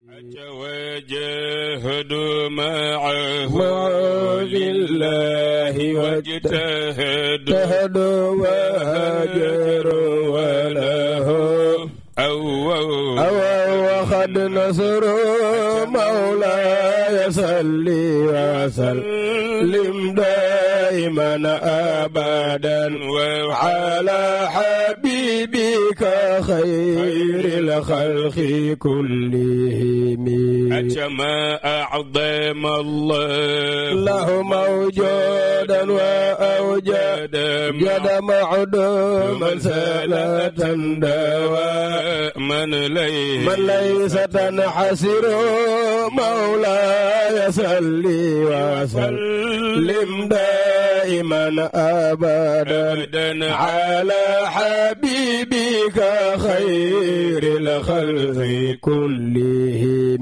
وجاهد معه في الله واجتهد وهجر وله أو وخد نصر مولاي صلي وسلم دائما أبدا وعلى حبيبه خير الخلق كلهم أجمع أعظم الله له موجودا وأوجد جد معدوما سلة دواء من ليس من ليس تنحسر مولاي صلي وسلم دائما أبدا على حبيبي خير الخلق كلهم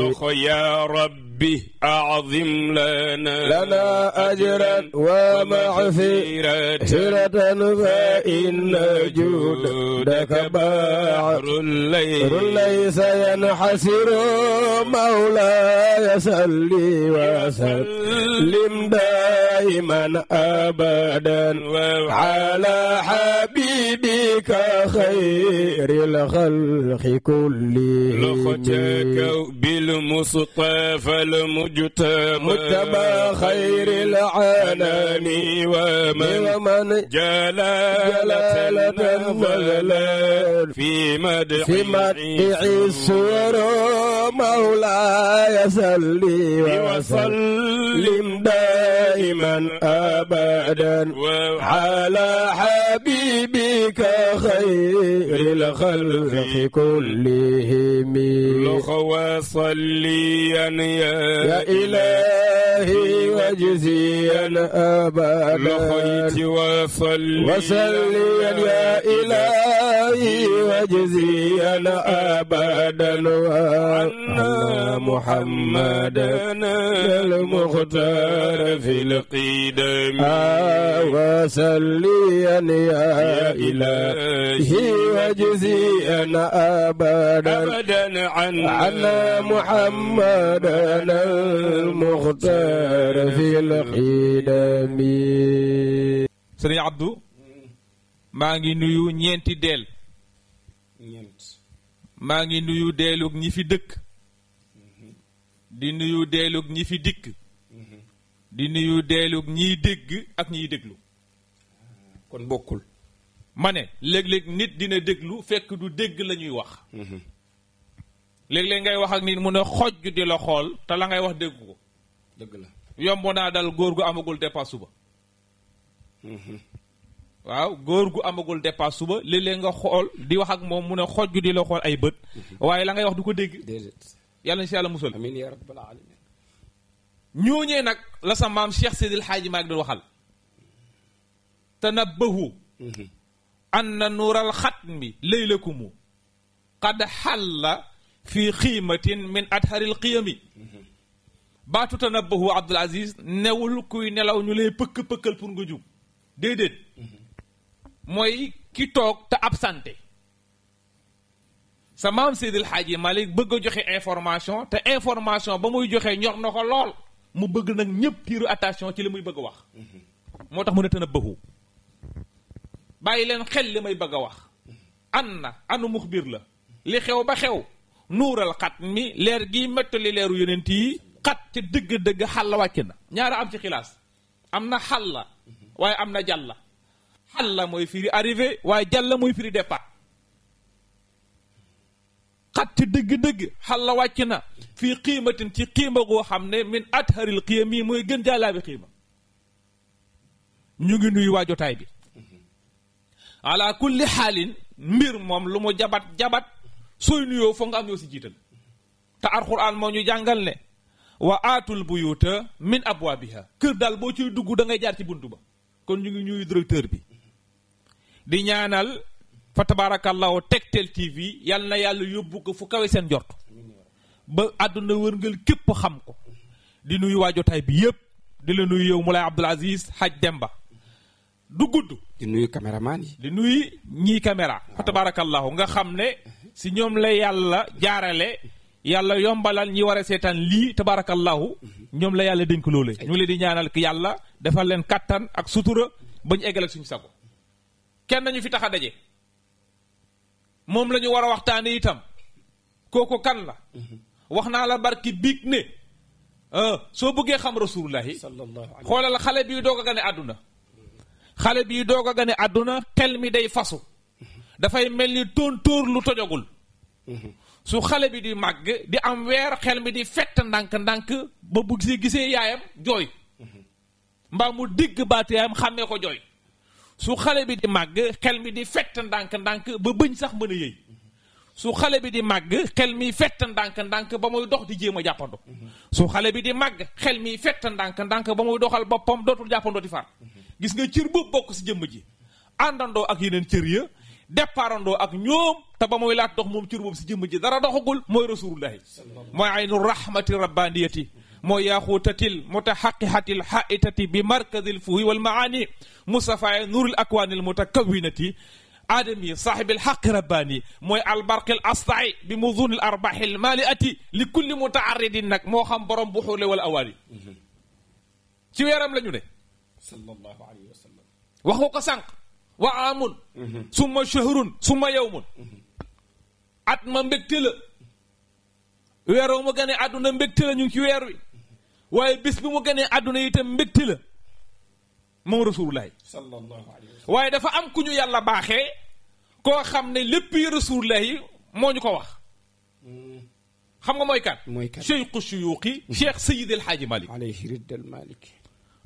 لخ يا ربي أعظم لنا لنا أجرا ومغفرة فإن جودك بحر ليس ينحسر مولاي صل وسلم دائما أبدا على حبيبي xayril xalqi kulli loxo ca kaw bil mustafa al mujtaba xayril alami wa man jalalatan fadlan fi madhi suwaro mawlaaya salli wa sallim daiman abadan ala ذلك خير الخلق كلهم لخوا صليا يا إلهي وجزيا أبدا لخيت وصليا يا إلهي دعائي وجزيا أبدا وعنا محمدا المختار في القدم وسليا يا إلهي وجزيا أبدا أبدا عنا محمدا المختار في القدم Sëriñ Abdou maa ngi nuyu ñeenti del maa ngi nuyu deelug ñi fi dëkk di nuyu deelug ñi fi dikk di nuyu deelug ñiy dégg ak ñiy déglu kon bokkul ma ne léeg-léeg nit dina déglu fekk du dégg la ñuy wax mhm. léeg-léeg ngay wax ak nit mu ne xoj di la xool te la ngay wax dégg ko dëgg la yomb naa dal góor gu amagul dépasse suba mhm. waaw góor gu amagul dépasse suba léeg nga xool di wax ak moom mu ne xoj ju di la xool ay bët mhm. waaye la ngay wax du ko dégg yàlla na si yàlla musal amiin yaa nag la sa maam Cheikh Seydil Xaaji Maalik doon waxal tanabbahu mhm. anna nuural xatmi laylakumu qad xalla fi xiimatin min adharil qiyami mhm. baatu tanabbahu Abdul Aziz newul kuy nelaw ñu lay pëkk-pëkkal pour nga jug déedéet mooy ki toog te absenté sa maam Seydil Hadji Malick bëgg a joxe information te information ba muy joxe ñor na ko lool mu bëgg nag ñëpp tiiru attention ci li muy bëgg wax moo tax mu ne tën a bëxu bàyyi leen xel li may bëgg a wax an na anu muxbir la li xew ba xew nuural xat mi leer gi méttali leeru yonent yi xat ca dëgg-dëgg xàll wàcc na ñaara am ci xilaas am na la waaye am na la xalla mooy firi arrivé waaye jàlla mooy firi départ xatti dëgg-dëgg xalla wàcc na fii xiimatin ci xiima goo xam ne min atharil xiyam yi mooy gën jàllaa bi ñu ngi nuyu waa jotaay bi ala kulli xaalin mbir moom lu mu jabat jabat sooy nuyoo foog nga am yoo si jiital te alxuraan moo ñu jàngal ne wa aatul buyuta min abwaabiha kër daal boo ciy dugg da ngay jaar ci bunt ba kon ñu ngi ñuy directeur bi di ñaanal fa tabaarakallaahu Tektal TV yal na yàlla yóbbu ko fu kawe seen jort ba àdduna wërngël képp xam ko di nuyu waa jotaay bi yëpp di la nuyu yow Moulay Abdoul Aziz Hadj Demba du gudd. di nuyu caméraman yi. di nuyu ñii caméra. fa tabaarakallaahu nga xam ne si ñoom la yàlla jaarale. yàlla yombalal ñi war a seetaan lii tabaarakallaahu ñoom la yàlla dénk loole. ñu ngi leen di ñaanal ki yàlla defal leen kattan ak sutura ba ñu eggal suñu sago. kenn nañu fi tax a daje moom lañu war a waxtaane itam kooku kan la mm-hmm. wax naa la barki biig ne euh, soo bëggee xam rasulullahi xoolal xale bii doog a gane àdduna xale bii doog a gane àdduna xel mi day fasu mm-hmm. dafay mel ni tóontóor lu tojogul mm-hmm. su xale bi di màgg di am weer xel mi di fett ndànk-ndànk ba bu gisee gisee yaayam jooy mbaa mu digg baat yaayam xàmmee ko jooy su xale bi di màgg xel mi di fett ndànk-ndànk ba bëñ sax mën a yëy su xale bi di màgg xel mi fett ndànk-ndànk ba muy dox di jéem a jàppando su xale bi di màgg xel mi fett ndànk-ndànk ba muy doxal boppam dootul jàppandoo di far gis nga cër boobu bokk si jëmm ji àndandoo ak yeneen cër ya départandoo ak ñoom te ba muy laat dox moom cër boobu si jëmm ji dara doxagul mooy rasulullahi mooy aynu rahmati rabbaniyati moo yaaxuutatil mutaxaqiqatil xaitati bi markazil fuhi wal maani musafaaya nuuril akwaanil mutakawinati aadami saaxibil xaqi rabbaani mooy albarqil astaay bi mudunil arbaxil maaliati li kulli mutaaridin nag moo xam borom bu xuule wala awaani ci weeram la ñu ne. sallallahu alayhi wa sallam. wax nga ko sànq. wa aamun. Mhm. summa shahrun summa yawmun. Mhm. at ma mbégte la. àdduna mbégte ñu ci weer waaye bis bi mu gënee àdduna itam mbégte la moom rasulullahi sallallahu waaye dafa am ku ñu yàlla baaxee koo xam ne lépp yi rasulullahi moo ñu ko wax hmm. xam nga mooy kan mooy kan cheikhu suyuuqi hmm. cheikh sayid El Hadji Malick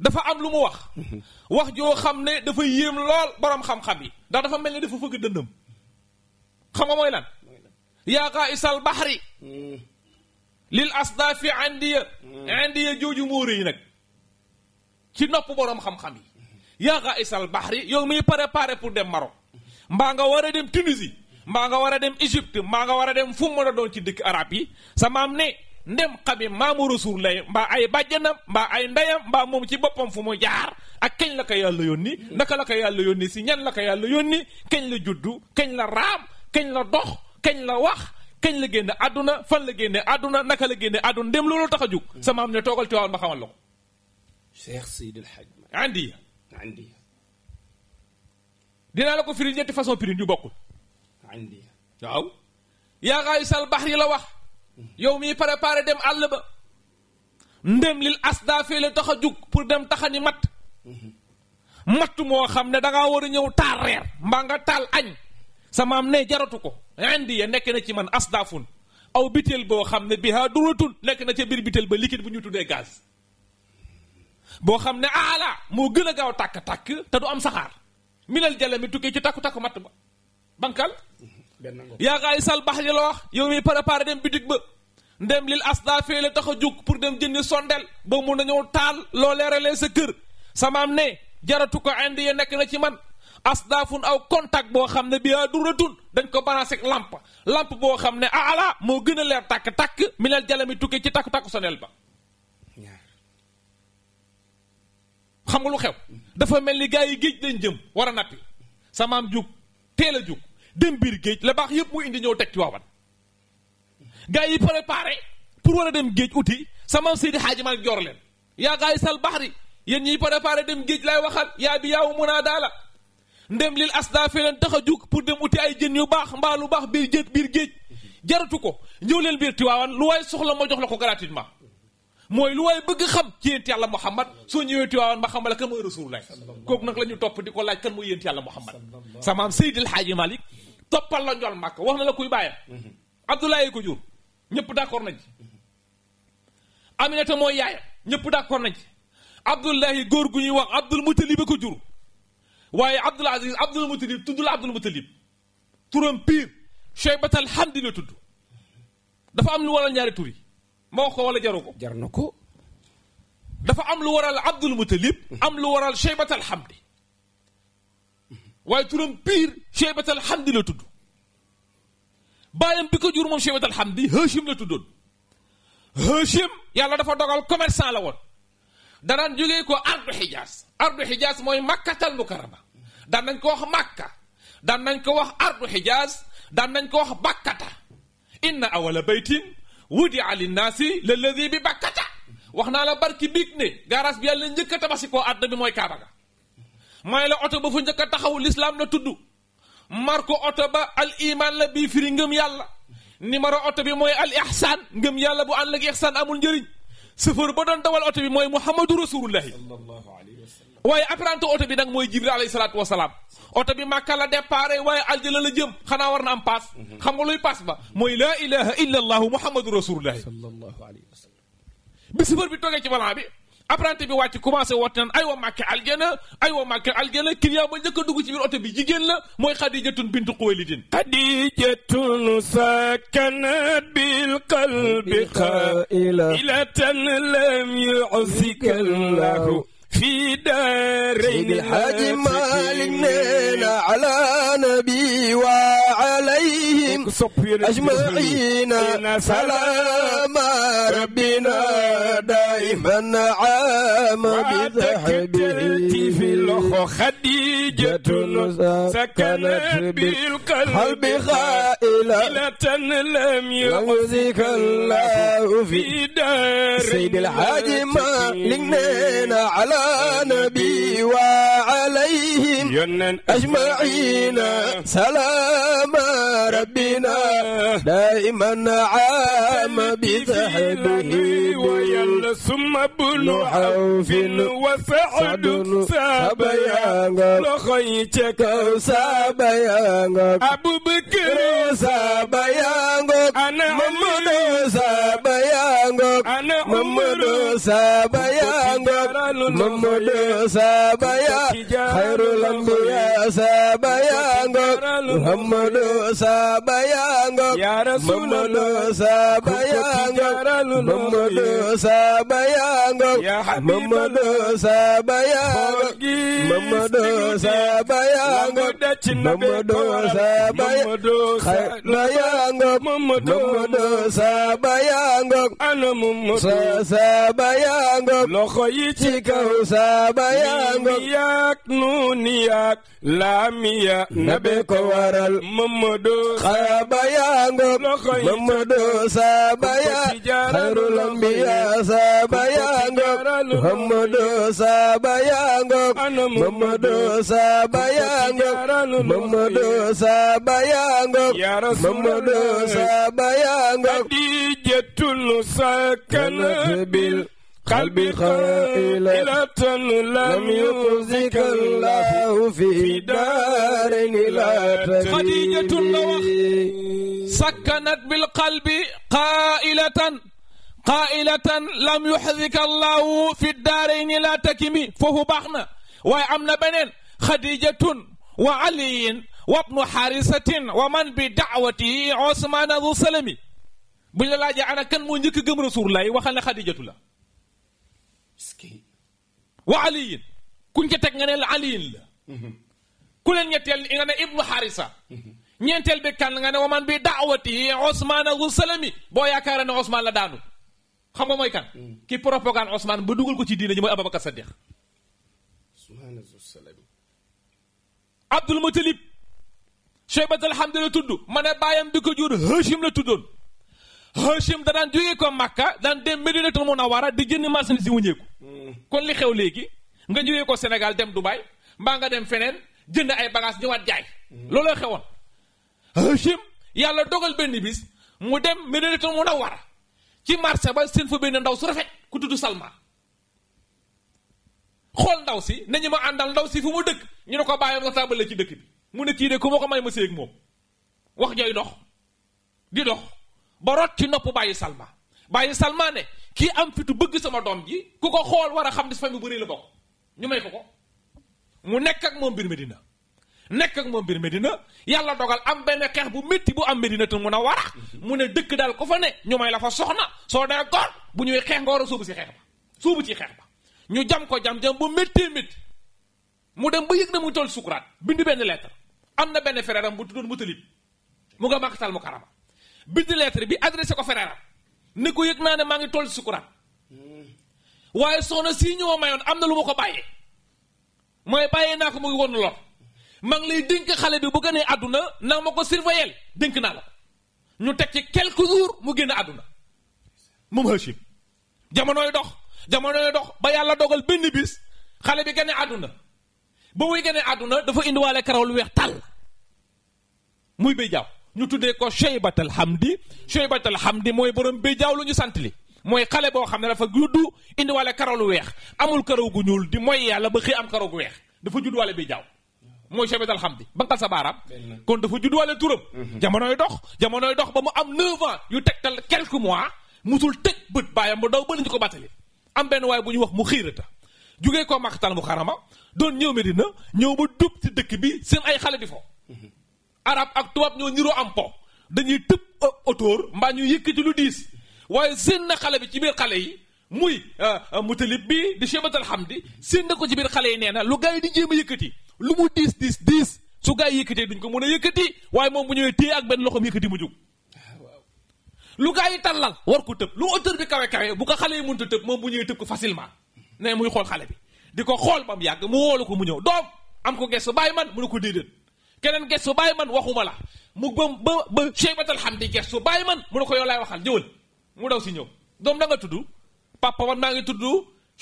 dafa am lu mu wax hmm. wax joo xam ne dafa yéem lool borom xam-xam yi ndax dafa mel ni dafa fëgg dëndam xam nga mooy lan yaa qaa'isal bahri lil asdaafi andiya hmm. andiya jooju moo yi nag ci nopp boroom xam-xam yi yaa raisal bahri yow miy préparé pour dem Maroc mbaa nga war a dem Tunisie mbaa nga war a dem Égypte mbaa nga war a dem fu mu mën a doon ci dëkk araab yi sa maam ne ndem xami maamu rasul lay mbaa ay bàjjanam mbaa ay ndeyam mbaa moom ci boppam fu mu jaar ak kañ la ko yàlla ni naka la ko yàlla ni si ñan la ko yàlla yónni kañ la juddu kañ la raam keñ la dox kañ la wax kañ la génne àdduna fan la génne àdduna naka la génne àdduna dem loolu tax a jug sama am ne toogal ci waaw ma xamal la ko cheikh Seydi El dinaa la ko firi ñetti façon pirin yu bokkul andi waaw yaa xaayu yi la wax yow miy préparé dem àll ba ndem lil asda fee la tax a jug pour dem taxani matt mhm. matt moo xam ne danga war a ñëw taal reer mbaa nga taal añ sama am ne jaratu ko indi ya nekk na ci man asdafun aw bitéel boo xam ne bihaa duratun nekk na ca biir bitéel ba liquide bu ñu tuddee gaz boo xam ne ala moo gën a gaaw tàkk-tàkk te du am saxaar minal jale mi tukkee ci takku-takku matt ba bankal yaa gaay sal bax li la wax yow mi préparé dem bitig ba ndem lil asda fee la tax a jóg pour dem jëndi sondel ba mun nañoo taal loo leeralee sa kër samaam ne jaratu ko indi ya nekk na ci man asdaafun aw contact boo xam ne bi a duratun dañ ko balancé ak làmp lampe boo xam ne ala moo gën a leer tàkk tàkk minal jalami tukkee ci tàkku tàkku sonel ba xam nga lu xew dafa mel ni gars yi géej lañ jëm war a nappi samaam jug teel a jug dem biir géej la baax yëpp mu indi ñëw teg ci waawan gars yi préparé pour war a dem géej uti samaam Seydi Xaaji Maalik joor leen yaa gars yi sal baxri yéen ñiy préparé dem géej lay waxal yaa bi yaaw munaa daala ndem lil asdaafe leen tax a jug pour dem uti ay jën yu baax mbaa lu baax biir jën biir géej jaratu ko ñëw leen biir tiwaawan lu waay soxla ma jox la ko gratuitement mooy lu waaye bëgg xam ci yéent yàlla muhammad soo ñëwee tiwaawan ma xamal kan mooy rasulullah kooku nag la ñu topp di ko laaj kan mooy yéent yàlla muhammad sa maam seydil xaaji malik toppal la njol màkk wax na la kuy bàyyam abdoulaye ko jur ñëpp d'accord nañ ci aminata mooy yaayam ñëpp d'accord nañ ci abdoulahi góor gu ñuy wax abdul mutalib ko jur waaye Abdul Aziz Abdul Mutalib tudd la Abdul Mutalib turam piir Cheybat alhamdi la tudd dafa am lu waral ñaari tur yi ma wax ko wala jaru ko. jar na ko. dafa am lu waral Abdul Mutalib am lu waral Cheybat alhamdi waaye turam piir Cheybat alhamdi la tudd bàyyam bi ko jur moom Cheybat alhamdi Hachim la tuddoon Hachim yàlla dafa dogal commerçant la woon. danaan jógee ko ardu xijaas ardu xijaas mooy makkatal mukarama daan nañ ko wax màkka daan nañ ko wax ardu xijaas daan nañ ko wax bakkata inna awala baytin wudia linnaasi lalladi bi bakkata wax naa la barki biig ne gaaraas bi yàlla njëkk a tabaxi koo àdduna bi mooy kaaba ga mooy la oto ba fu njëkk a lislaam la tudd marko oto ba al iman la bii firi ngëm yàlla numéro oto bi mooy al ihsaan ngëm yàlla bu ànd ak ihsaan amul njëriñ sëfër ba doon dawal oto bi mooy muhammadu rasulullahi waaye apprenti oto bi nag mooy jibril alayhi salaatu wasalaam oto bi màkka la waaye aljana la jëm xanaa war na am paas xam nga luy paas ba mooy la ilaha illa allahu muhammadu rasulullahi sallallahu alayhi wa sallam bi sëfër bi toogee ci volant bi apprenti bi wàcc commencé woote naan ay wa màkke ay wa màkke aljana client ba njëkk a dugg ci biir oto bi jigéen la mooy xadijatun bintu xuwaylidin xadijatun sakanat bil qalbi qailatan lam yusikal lahu في دارين الحاج مالك نينا على نبي وعليهم أجمعين سلام ربنا دائما عام بذهبه في الأخ خديجة سكنت بالقلب خائلة لم يغزك الله في دار سيد الحاج مالك نينا على nabi wa alayhim ajmain salaama rabbina daiman aam bi tahdihi wa yalla summa bulu hawfin wa saadun sabayanga loxoy kaw sabayanga abubakar sabayanga ana mamudu Mamadou Saba yaa ngoog Mamadou Saba yaa xayrul anbiyaa Saba yaa ngoog yaango Mamadou Samba yaango Mamadou Samba yaango Mamadou Samba yaango Mamadou Samba xayla yaango Mamadou Samba yaango Samba yango loxo yi ci kaw saaba yango yaak nuuni yaak laamiya nabe ko waral Mamadou xaaba yango loxo yi Mamadou saaba ya xayrul ambiya saaba yango Mamadou saaba yango Mamadou saaba yango Mamadou saaba yango Mamadou saaba yango Khadijatul sakana bil قلبي خائلة لم يخزك الله في دار لا تبي خديجة اللوخ سكنت بالقلب قائلة قائلة لم يحذك الله في الدارين لا تكمي فهو بحنا ويعمنا بنين خديجة وعلي وابن حارسة ومن بدعوته عثمان ذو سلمي بلا لا جعنا كان مو نيك رسول الله وخلنا خديجة الله wa aliyin ku ca teg nga ne la aliyin la ku leen ñetteel nga ne ibnu harisa ñeenteel bi kan nga ne waman bi daawati Ousmane al salami boo yaakaare ne osmaan la daanu xam nga mooy kan ki propagande Ousmane ba dugal ko ci diina ji mooy Ababacar Saddiq Abdul Mutalib Cheybat alhamdu la tudd ma ne bàyyam bi ko jur Hachim la tuddoon Hachim da daan jógee ko Makka daan dem Medinatul Munawwara di jënd marchandise si wuñeeku kon li xew léegi nga jógee ko senegal dem Dubaï mbaa nga dem feneen jënd ay bagages ñëwaat jaay looloo xewoon Hachim yàlla dogal benn bis mu dem Medinatul Munawwara ci marché ba seen fa benn ndaw su rafet ku tudd Salma xool ndaw si nañu ma àndal ndaw si fu mu dëkk ñu ne ko bàyyi nga tàmbale ci dëkk bi mu ne kii de ku ma ko may ma séeg moom wax jooy dox di ba rot ci nopp bàyyi salma bàyyi salma ne kii am fitu bëgg sama doom ji ku ko xool war a xam ne famille bu rëy la bokk ñu may ko ko mu nekk ak moom mbir Medina nekk ak moom mbir Medina yàlla dogal am benn xeex bu métti bu am Medina te mun a war mu ne dëkk daal ko fa ne ñu may la fa soxna soo dee góor bu ñuy xeex nga war a suubu si xeex ba ci xeex ba ñu jam ko jam-jam bu méttee métti mu dem ba yëg na mu toll sukuraat bind benn lettre am na benn frère am bu tuddoon mu talib mu nga màkkatal mu bind lettre bi adressé ko Ferreira ni ko yëg naa ne maa ngi toll sukuraat waaye soxna si ñu ma mayoon am na lu ma ko bàyyee mooy bàyyee naa ko mu ngi woon lor maa ngi lay dénk xale bi bu gënee àdduna na ma ko surveiller dénk naa la ñu teg ci quelques jours mu génn àdduna moom Hachim jamonooy dox jamonooy dox ba yàlla dogal benn bis xale bi gane àdduna ba muy gane àdduna dafa indiwaale karaw lu weex tàll muy béy jaaw ñu tuddee ko xam Cheybatal Hamdi Cheybatal Hamdi mooy borom bi jaaw lu ñu sant li mooy xale boo xam ne dafa judd indiwale karaw lu weex amul karaw gu ñuul di mooy yàlla ba xëy am karaw gu weex dafa judd wale bi jaaw mooy Cheybatal Hamdi banqal sa baaraam kon dafa judd wale turam mhm. jamonoy dox jamonoy dox ba mu am 9 ans yu tegtal quelques mois mu musul teg bët baayam bu daw ba ñu ko battali am benn waaye bu ñu wax mu xiirata jugee ko maxtal mu xarama doon ñëw Medina ñëw ba dub ci dëkk bi seen ay xale di fo mhm. arab ak tubaab ñoo niroo am po dañuy tëb otoor mbaa ñu yëkkati lu diis waaye seen na xale bi ci biir xale yi muy euh, mutalib bi di chebatal xam di seen na ko ci biir xale yi nee na lu gars yi di jéem a yëkkati lu mu diis diis diis su gars yi yëkkatee duñ ko mën a yëkkati waaye moom bu ñëwee téye ak benn loxoom yëkkati mu jóg lu gars yi tàllal war ko tëb lu auteur bi kawe kawe bu ko xale yi mënta tëb moom bu ñëwee tëb ko facilement ne muy xool xale bi di ko xool ba yàgg mu woolu ko mu ñëw doom am ko gestu bàyyi man mu ne ko déedéet keneen ges gestu bàyyi man waxuma la mu ba ba ba Cheybatal Hamdi su bàyyi man mu ne ko yow laay waxal jëwal mu daw si ñëw doom da nga tudd papa man maa ngi tudd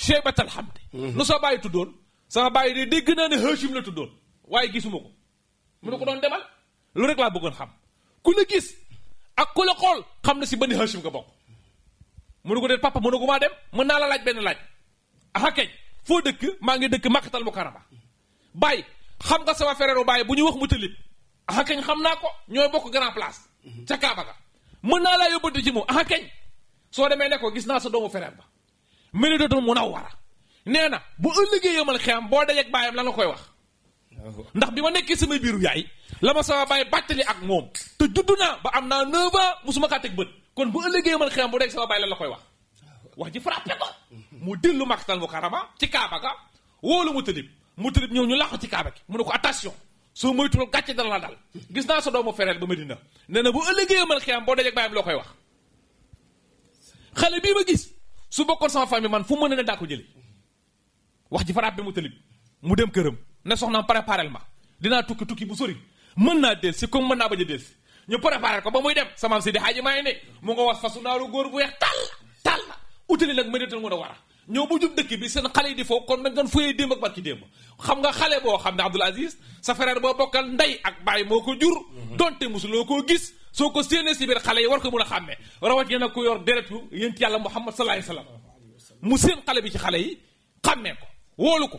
Cheybatal xam mhm. lu soo bàyyi tuddoon sama bàyyi de dégg naa ne Hachim la tuddoon waaye gisuma ko mu ne ko doon demal lu rek laa bëggoon xam ku la gis ak ku la xool xam na si bani Hachim nga bokk mu ne ko dee papa mu ne ko maa dem mën naa la laaj benn laaj aha keñ foo dëkk maa ngi dëkk Makkatal Mukarrama bàyyi xam nga sama frère Baye bu ñuy wax mu tëlit ah kañ xam naa ko ñooy bokk grand place. Mhm. ca Kaaba ga mën naa laa yóbbante ci moom ah kañ soo demee ne gis naa sa doomu frère ba Médinatoul Munawwara nee na bu ëllëgee yëmal xiyam boo dajeeg baayam lan la koy wax. ndax bi ma nekkee samay biiru yaay la ma sama baay bàttali ak moom te juddu naa ba am naa 9 ans musuma kaa teg bët kon bu ëllëgee yëmal xiyam bu dee sama baay lan la koy wax. wax ji frappé ko mhm. mu dillu Makkatal Mukarrama ci Kaaba ga wóolu mu tëlib mu mutalib ñëw ñu làqu ci kaaba mu ne ko attention soo moytuwul gàcce dara la dal gis naa sa doomu fereel ba Medina nee na bu ëllëgee yomal xiyaam boo dajeg bàyyam loo koy wax xale bii gis su bokkoon sama famille man fu mu mën a ne daa ko jële wax ji faraab bi mutalib mu dem këram ne soxnaam préparel ma dinaa tukki tukki bu sori mën naa del si comme mën naa bañ a del si ñu préparé ko ba muy dem samaam si di xaaji maa ngi ne mu nga wax fasu naaru góor bu weex tàll tàll utali nag médital mën a war a ñëw bu jub dëkk bi seen xale yi di foofu kon nañ doon fuyee démb ak barki démb xam nga xale boo xam ne Abdoul Aziz sa frère boo bokkal ndey ak baay moo ko jur mhm. donte mosuloo koo gis soo ko séenee si biir xale yi war ko mun a xàmmee rawat yéen a ko yor deretu yéen ci yàlla Muhammad sallallahu sa wasallam mu séen xale bi ci xale yi xàmmee ko woolu ko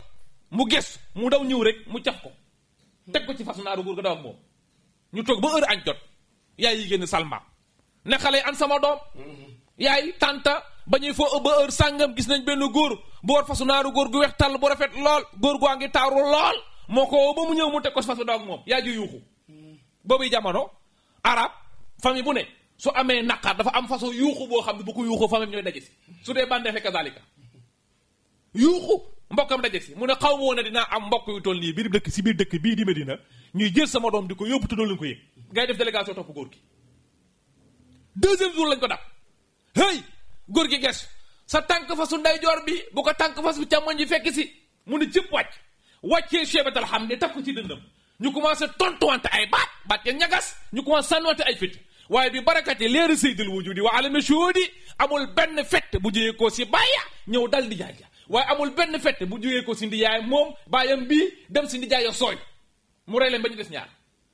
mu ges mu daw ñëw rek mu cax ko teg ko ci façon naaru góor ga daw ak moom ñu toog ba heure añ jot yaay yi génn salmaa ne xale yi an sama doom mhm. ba ñuy foo ëpp heure sàngam gis nañ benn góor bu war fasu naaru góor gu weex tàll bu rafet lool góor gu a ngi taaru lool moo ko ba mu ñëw mu teg ko fasu doog moom yaa ji yuuxu boobu jamono arab famille bu ne su amee naqar dafa am façon yuuxu boo xam ne bu ko yuuxoo famille ñooy daje si su dee bàndeexe kazalika yuuxu mbokkam daje si mu ne xaw ma woon dinaa am mbokk yu toll nii biir dëkk si biir dëkk bii di Medina ñuy jël sama doom di ko yóbbu tuddoo lañ ko yëg ngay def délégation topp góor gi deuxième lañ ko dab góor gi ges sa tànk fasu ndeyjoor bi bu ko tànk fasu càmmoñ ji fekk si mu ne cëpp wàcc wàccee chebatal xam ne takku ci dëndam ñu commencé tontuwante ay baat baat ya ñagas ñu commencé sànniwante ay fit waaye bi barakat yi leeru saydul wujudi wa alami di amul benn fett bu jógee ko si bàyya ñëw dal di ja waaye amul benn fett bu jógee ko si ndijaayam moom bàyyam bii dem si ndijaay ya sooy mu rey leen ba ñu des ñaar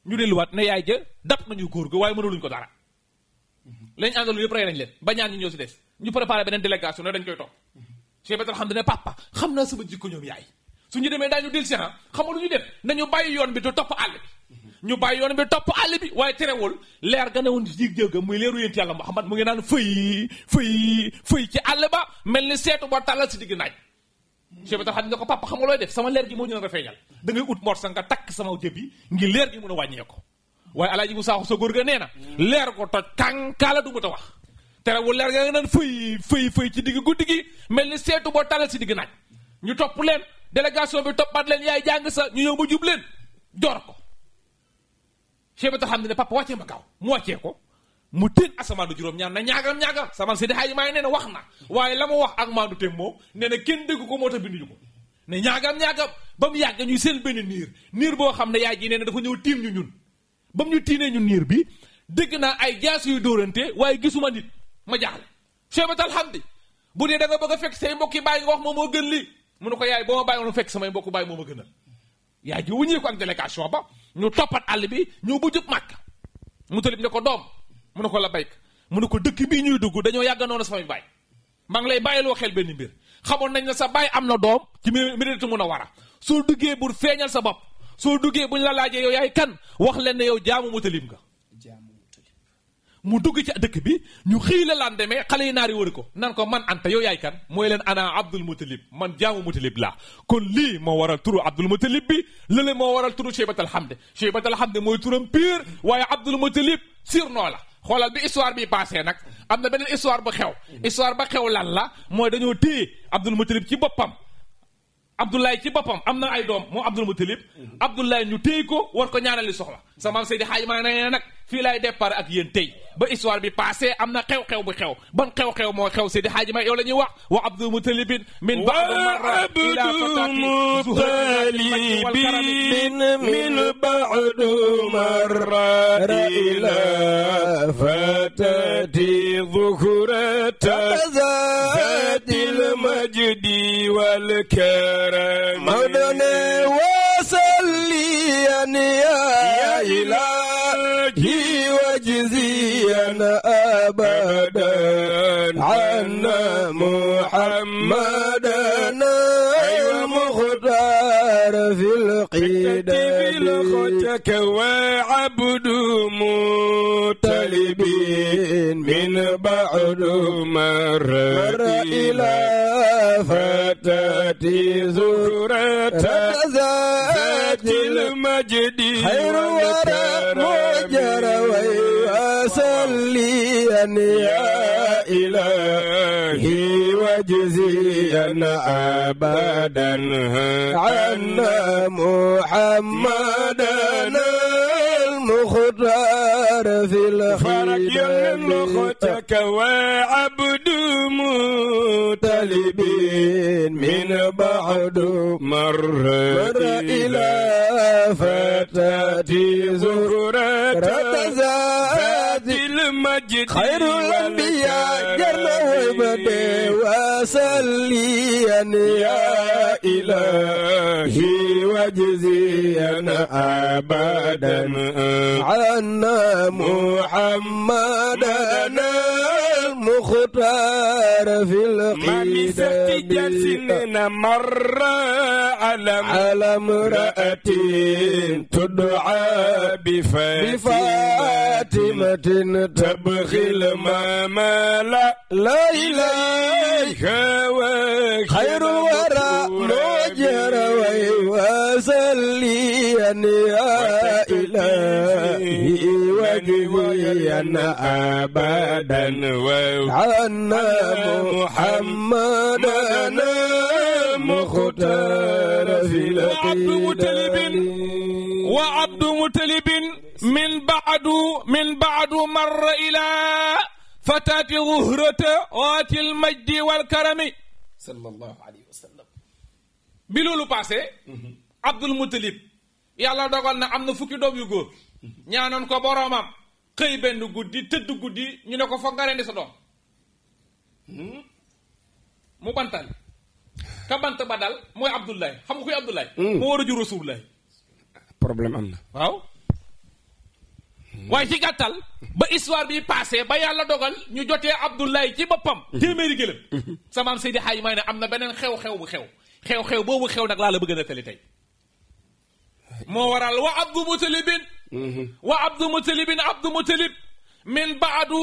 ñu delluwaat ne yaay ja dab nañu góor ga waaye mënuluñ ko dara lañ àndaloon yëpp rey nañ leen ba ñaar ñu ñoo si des ñu préparé beneen délégation ne dañ koy topp Cheikh Badar xam ne papa xam naa sama jikko ñoom yaay demee daañu del si ah xamal lu ñu def nañu bàyyi yoon bi te topp àll ñu bàyyi yoon bi topp àll bi waaye terewul leer ga ne woon ci jëga muy leeru yéen yàlla mu ngi naan fëy fëy fëy ci àll ba mel ni seetu ba tàllal si digg naaj Cheikh Badar xam ne ko papa xam nga looy def sama leer ji moo ñu na rafeeñal da ngay ut mor sa nga takk sama jëb yi ngi leer gi mun a wàññee waaye alaaji bu saaxu sa góor ga nee na leer ko toj kànkaala du mu ta wax wu leer ga nga naan fëy fëy fëy ci digg guddi gi mel ni seetu boo talal si digg naaj ñu topp leen délégation bi toppaat leen yaay jàng sa ñu ñëw ba jub leen door ko cheikh bi ta xam ne wàccee ma gaaw wàccee ko mu teen asamaanu juróom ñaar na ñaagam ñaagam sama si dexaaji maa ngi nee wax na waaye la ma wax ak maandu nee na kenn dégg ko moo tax binduñu ko ne ñaagam ñaagam ba mu yàgg ñuy seen benn niir niir boo xam ne yaay ji nee dafa ñëw tiim ñu ñun ba mu ñu tiinee ñu niir bi dégg naa ay jaas yuy dóorante waaye gisuma nit ma jaaxle chebat alhamdi bu dee da nga bëgg a fekk say mbokki bàyyi nga wax moom moo gën lii mu ne ko yaay boo ma bàyyi woon fekk samay mbokki bàyyi moo ma gënal yaay ji wuñee ko ak délégation ba ñu toppat àll bi ñëw ba jub màkk mu talib ne ko doom mu ne ko la bayk mu ne ko dëkk bii ñuy dugg dañoo yàgg noonu samay baay maa ngi lay bàyyiloo xel benn mbir xamoon nañ ne sa baay am na doom ci Médinatu Munawara soo duggee bur feeñal sa bopp soo duggee bu ñu la laajee yow yaay kan wax leen ne yow jaamu mutalib nga. jaamu mu dugg ci dëkk bi ñu xëy la laan demee xale yi naar yi wër ko nan ko man anta yow yaay kan mooy leen ana abdul mutalib man jaamu mutalib la kon lii moo waral turu abdul mutalib bi lële moo waral turu Cheybatal Hamde Cheybatal Hamde mooy turam pire waaye abdul mutalib sirnoo la. xoolal bi histoire bi passé nag am na benn histoire bu xew. Mm. histoire ba xew lan la mooy dañoo téye abdul mutalib ci boppam. Abdoulaye ci boppam am na ay doom moom Abdoul Moutalib Abdoulaye ñu téy ko war ko ñaanali soxla sa maam Seydi Hadji Malick na nag fii laay départ ak yéen tey ba histoire bi passé am na xew-xew bu xew ban xew-xew moo xew Seydi Hadji Malick yow la ñuy wax wa Abdoul Moutalib min ba'd marra ila fatati zuhurati المجد والكرم مدني وسليا يا إلهي وجزيا أبدا عنا محمدا المختار في القيد بلغتك وعبد مطلبين من بعد مر إلى فتاتي زهرة ذات المجد خير ورى مجروي وسليا يا إلهي وجزيا أبدا عنا محمدا المختار في الخير فرق يا المختك وعبد موت طالبين من بعد مر إلى فتاتي زهرة ذات المجد خير الأنبياء جل وبدي وسليا يا إلهي وجزيا أبدا عنا محمدنا المختار في القيد مر على على امرأة تدعى بفاتمة تبغي الماما لا لا إله خير الورى مجر وسليا يا إلهي وليا أبدا وعنا محمدنا مختار في القيدان وعبد مطلب من بعد من بعد مر إلى فتاة ظهرة وات المجد والكرم صلى الله عليه وسلم bi loolu passé Abdul Muttalib yàlla dogal na am na fukki doom yu góor ñaanoon ko boroomam xëy benn guddi tëdd guddi ñu ne ko foog nga rendi sa doom hmm? mu bantal ka bant ba dal mooy Abdoulaye xam nga koy Abdoulaye mu hmm. war a jur Rasulullaay problème am ci gàttal ba histoire bi passé ba yàlla dogal ñu jotee Abdoulaye ci boppam hmm. téeméeri gëlëm samaam Seydi Hadji Maalik ne am na beneen xew-xew bu xew xew-xew boobu xew nag laa la bëgg a nettali tey moo waral wa Abdou Moutalibine Mm-hmm. wa abdu mutalibin abdu mutalib min baadu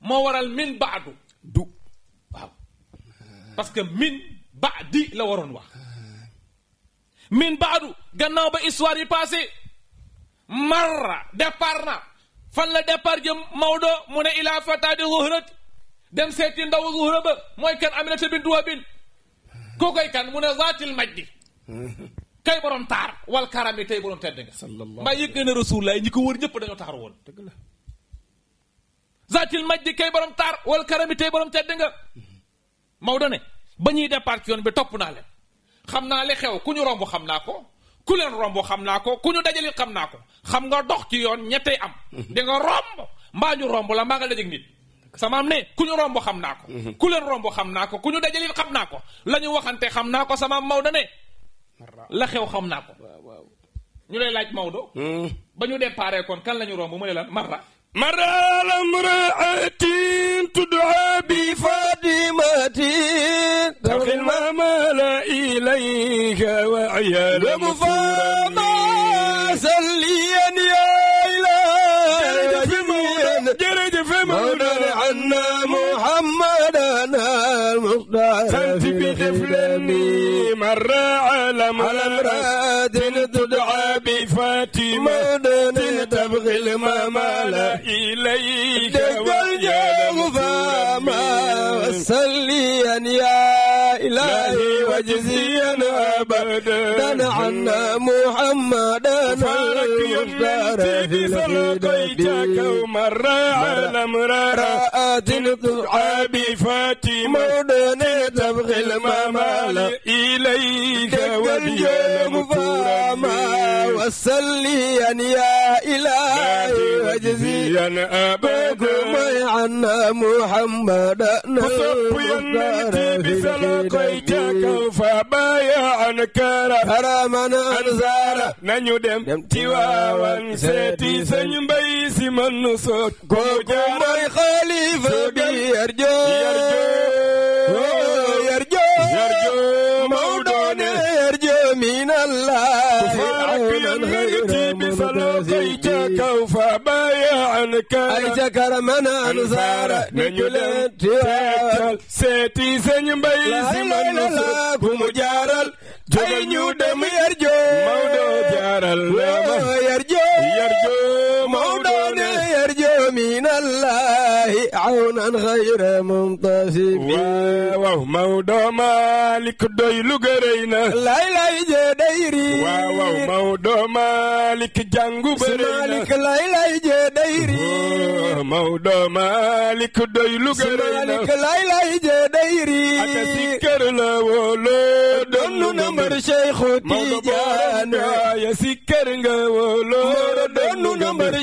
moo waral min baadu du parce que min baadi la waroon wax min baadu gannaaw ba histoire yi marra départ na fan la départ jëm Maodo mu ne ilaa zuhrat dem seeti ndaw zuhra ba mooy kan aminata bintu wahab kookooy kan mu ne zaatil majdi mm-hmm. kay borom taar wal karam yi tey borom tedd nga. sallallahu mbaa yëg na rasulullah ñi ko wër ñëpp dañoo taar woon. dëgg la. zaatil majdi kay borom taar wal karam yi tey borom tedd nga. Maodo ne ba ñuy départ yoon bi topp naa leen xam naa li xew ku ñu romb xam naa ko ku leen romb xam naa ko ku ñu dajali xam naa ko xam nga dox ci yoon ñettey am. Mhm. di nga romb mbaa ñu romb la mbaa nga sama am ne ku ñu xam naa ko. Mhm. ku xam naa ko ku ñu dajali xam naa ko la ñu waxante xam naa ko sama maw da la xew xam naa ko. laaj Maodo. Hmm. ba ñu déparé kon kan la ñu romb mu ne lan Marra. Marra la mraatin tuddaa bi Fatimati. taxil ma mala ilayka wa ayalam. الدعاء بفاتمة مولانا تبغي الممال إليك وديان فاما وسليا يا إلهي وجزيا أبا may anna muhammadan ku sopp yonent bi solo koy ca kaw fa baya an kara haraman ansara nañu dem ci waawan seeti sëñ mbay si man nu soot kooku mooy xalifa bi yarjoo ca karamana nu saara nañu leen tiwaawal seeti sëñ mbay si man la ku mu jaaral ay ñu dem yar joo Maodo jaaral la ma yar لله عونا غير منتصب waaw Maodo Malick doy lu gërëy na lay dayri waaw Maodo Malick jàngu bërëy na Malick lay lay jee dayri Maodo Malick doy lu gërëy na Malick lay lay jee dayri ata sikkër la wooloo donn na mbër Seexu Tijaan ya sikkar nga wóoloo donn na mbër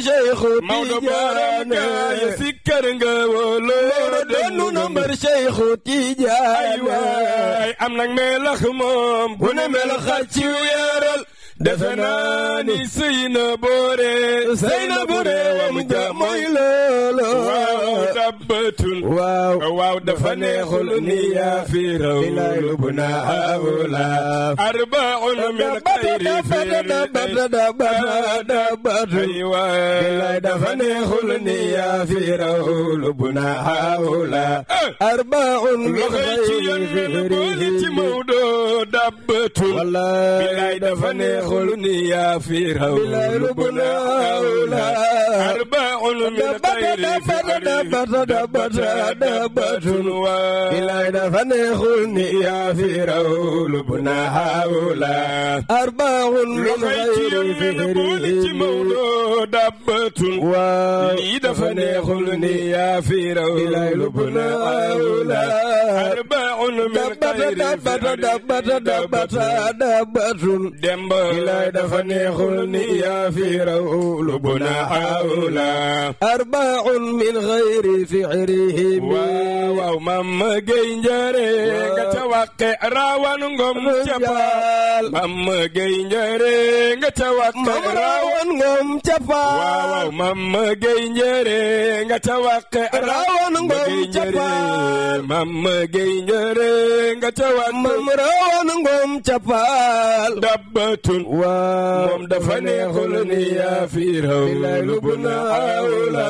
na mbër Seexu Tijaan waay am defe naa boore sëy boore wam ga mooy loolo waaw tabbatul waaw waaw dafa neexul ni yaa fi raw lubu na awla arbaun min xayri fi waay dafa neexul na awla arbaun min xayri fi ci mawdo dabbatul wallaay dafa يغلني يا فرعون ربنا أولى أربع من خير بلا فنخلني يا فرعون بنا هؤلاء أربع من غير فكري مولود دبت ليد فنخلني يا فرعون بنا هؤلاء أربع من غير فكري دبت دبت دبت دبت دبت ilaay dafa neexul ni yaa fi raw lu buna xawla arbaun min xayri ficrihim waaw mamma gay njare nga ca waqe rawan ngom capaal mamma gay njare nga ca waqe rawan ngom capaal waaw mamma gay njare nga ca rawan ngom capaal mamma gay njare nga ca waqe rawan ngom capaal dabbatun waaw moom dafa neexul ni yaa fiir haw lubna awla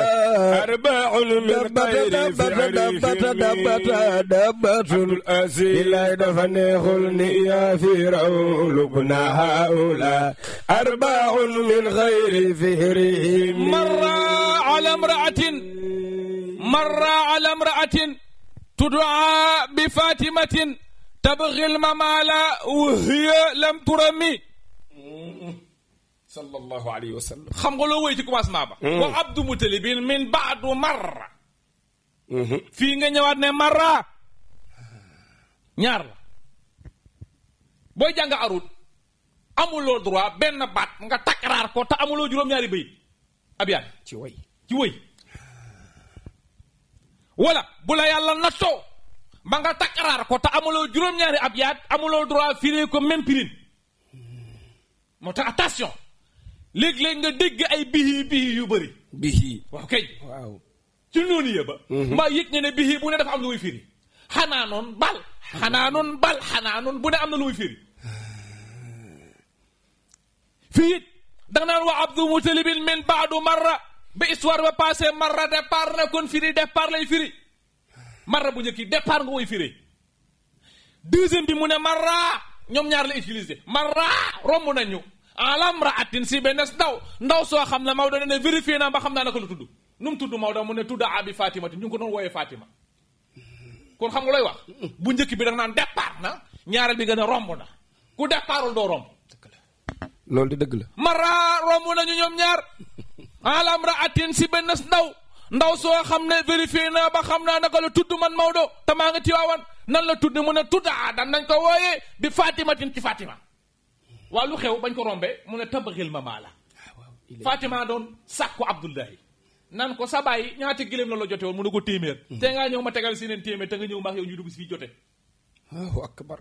arbaun min xayri dabata dabata dabatul asi bilaay dafa neexul ni yaa fiir haw lubna awla arbaun min xayri fihrihim marra ala imraatin marra ala imraatin tudaa bi fatimatin tabghi almamaala wa hiya lam turami sallallahu alayhi xam nga loo woy ci commencement ba hmm. wa abdu mutalibin min baadu marra hmm. fii nga ñëwaat ne marra ñaar la booy jàng arut amuloo droit benn baat nga takraar ko te amuloo juróom-ñaari bayit abiyaan ci woy ci woy wala bu la yàlla nattoo ba nga takraar ko te amuloo juróom-ñaari abyaat amuloo droit firee ko même moo tax attention léeg nga dégg ay bihi bihi yu bëri. bihi waaw kay. waaw ci noonu yëpp. Mhm. mbaa yëg nga ne bihi bu ne dafa am lu muy firi. xanaa noon bal. xanaa noon bal xanaa noonu bu ne am na lu muy firi. fii it da nga naan wax Abdou Moutalibine min baadu marra ba histoire ba passé marra départ na kon firi départ lay firi. marra bu njëkk yi départ nga koy firi. deuxième bi mu ne marra. ñoom ñaar la utiliser marra romb nañu alamra atin si benn ndaw ndaw soo xam ne Maodo ne vérifié naa ba xam naa naka lu tudd nu mu tudd Maodo mu ne tudd abi Fatima ñu ngi ko doon wooyee Fatima. kon xam nga looy wax bu njëkk bi da nga naan départ na ñaareel bi nga romb na ku départul doo di dëgg la. mara romb nañu ñoom ñaar alamra atin si benn ndaw ndaw soo xam ne vérifié naa ba xam naa naka lu tudd man Maodo te maa ngi Tiwaawan nan la tudd mu ne tuddaa dan nañ ko wooyee bi fatimatin ci fatima waa lu xew bañ ko rombee mu ne tabaxil ma maa la ah, fatima doon sàkku abdullahi nan ko sa bàyyi ñaata giléem la la jote woon mu ne ko téeméer hmm. te ngaa ma tegal seeneen téeméer nga ñëw maax yow ñu dugg si fii jote waaw akbar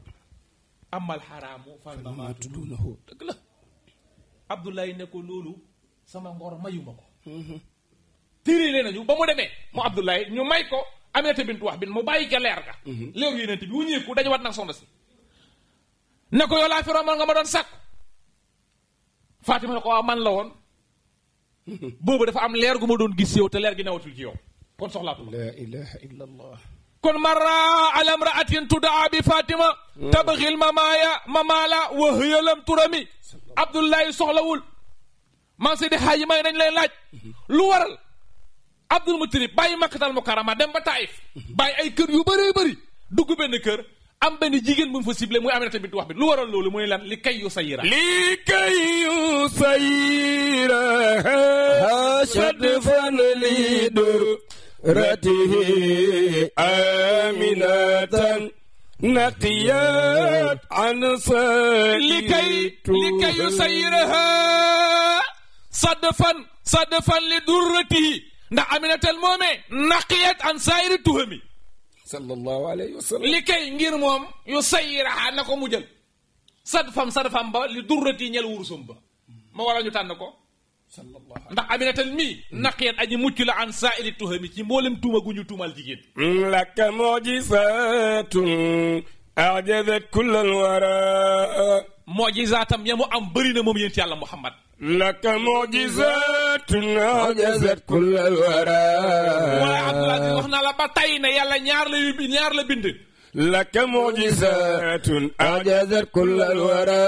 amal xaraamu fal ma tuddunahu dëgg la abdullahi ne loolu sama ngor mayu ma ko hmm. téere nañu ba mu demee mu abdullahi ñu may ko Aminata bintu wax bin mu bàyyi ca leer ga mhm. leeru yénente bi wuñeeku dañu wat nag soxna si ne ko yow laa fi romboon nga ma doon sàkku Fatima ne ko waaw man la woon boobu dafa am leer gu ma doon gis yow te leer gi newatul ci yow kon soxlaatuma la ilaha illa allah kon marra ala mraatin tudaa bi Fatima mm. tabaxil mamaaya mamaala wa hëyalam turami Abdullahi soxlawul man si di xaaji may nañ lay laaj mhm. lu waral Abdul Mutalib bàyyi Makkatal Mukarrama dem ba Taïf bàyyi ay kër yu bëree bëri dugg benn kër am benn jigéen bu mu fa ciblé muy Aminata bint Wahb bi lu waral loolu muy lan li kay yu sayira li kay yu sayira hashad fan li du ratihi aminatan naqiyat an li kay li kay yu sayiraha sadfan sadfan li durratihi ndax aminatal moomee naqiyat an saayiri li kay ngir moom yu sayiraha na ko mu jël sadfam sadfam ba li durrati ñel wursum ba ma waral ñu tànn ko na aminatal mii naqiyat aji mucc an saaili tuhami ci mboolem tuuma gu ñu tuumal jigéen laka mojisatun ajabat kullal wara na moom yéen ci muhammad laka mojisat wax na la ba tey ne yàlla ñaar la yu ñaar la bind. laka mujizatun ajazat kullal wara.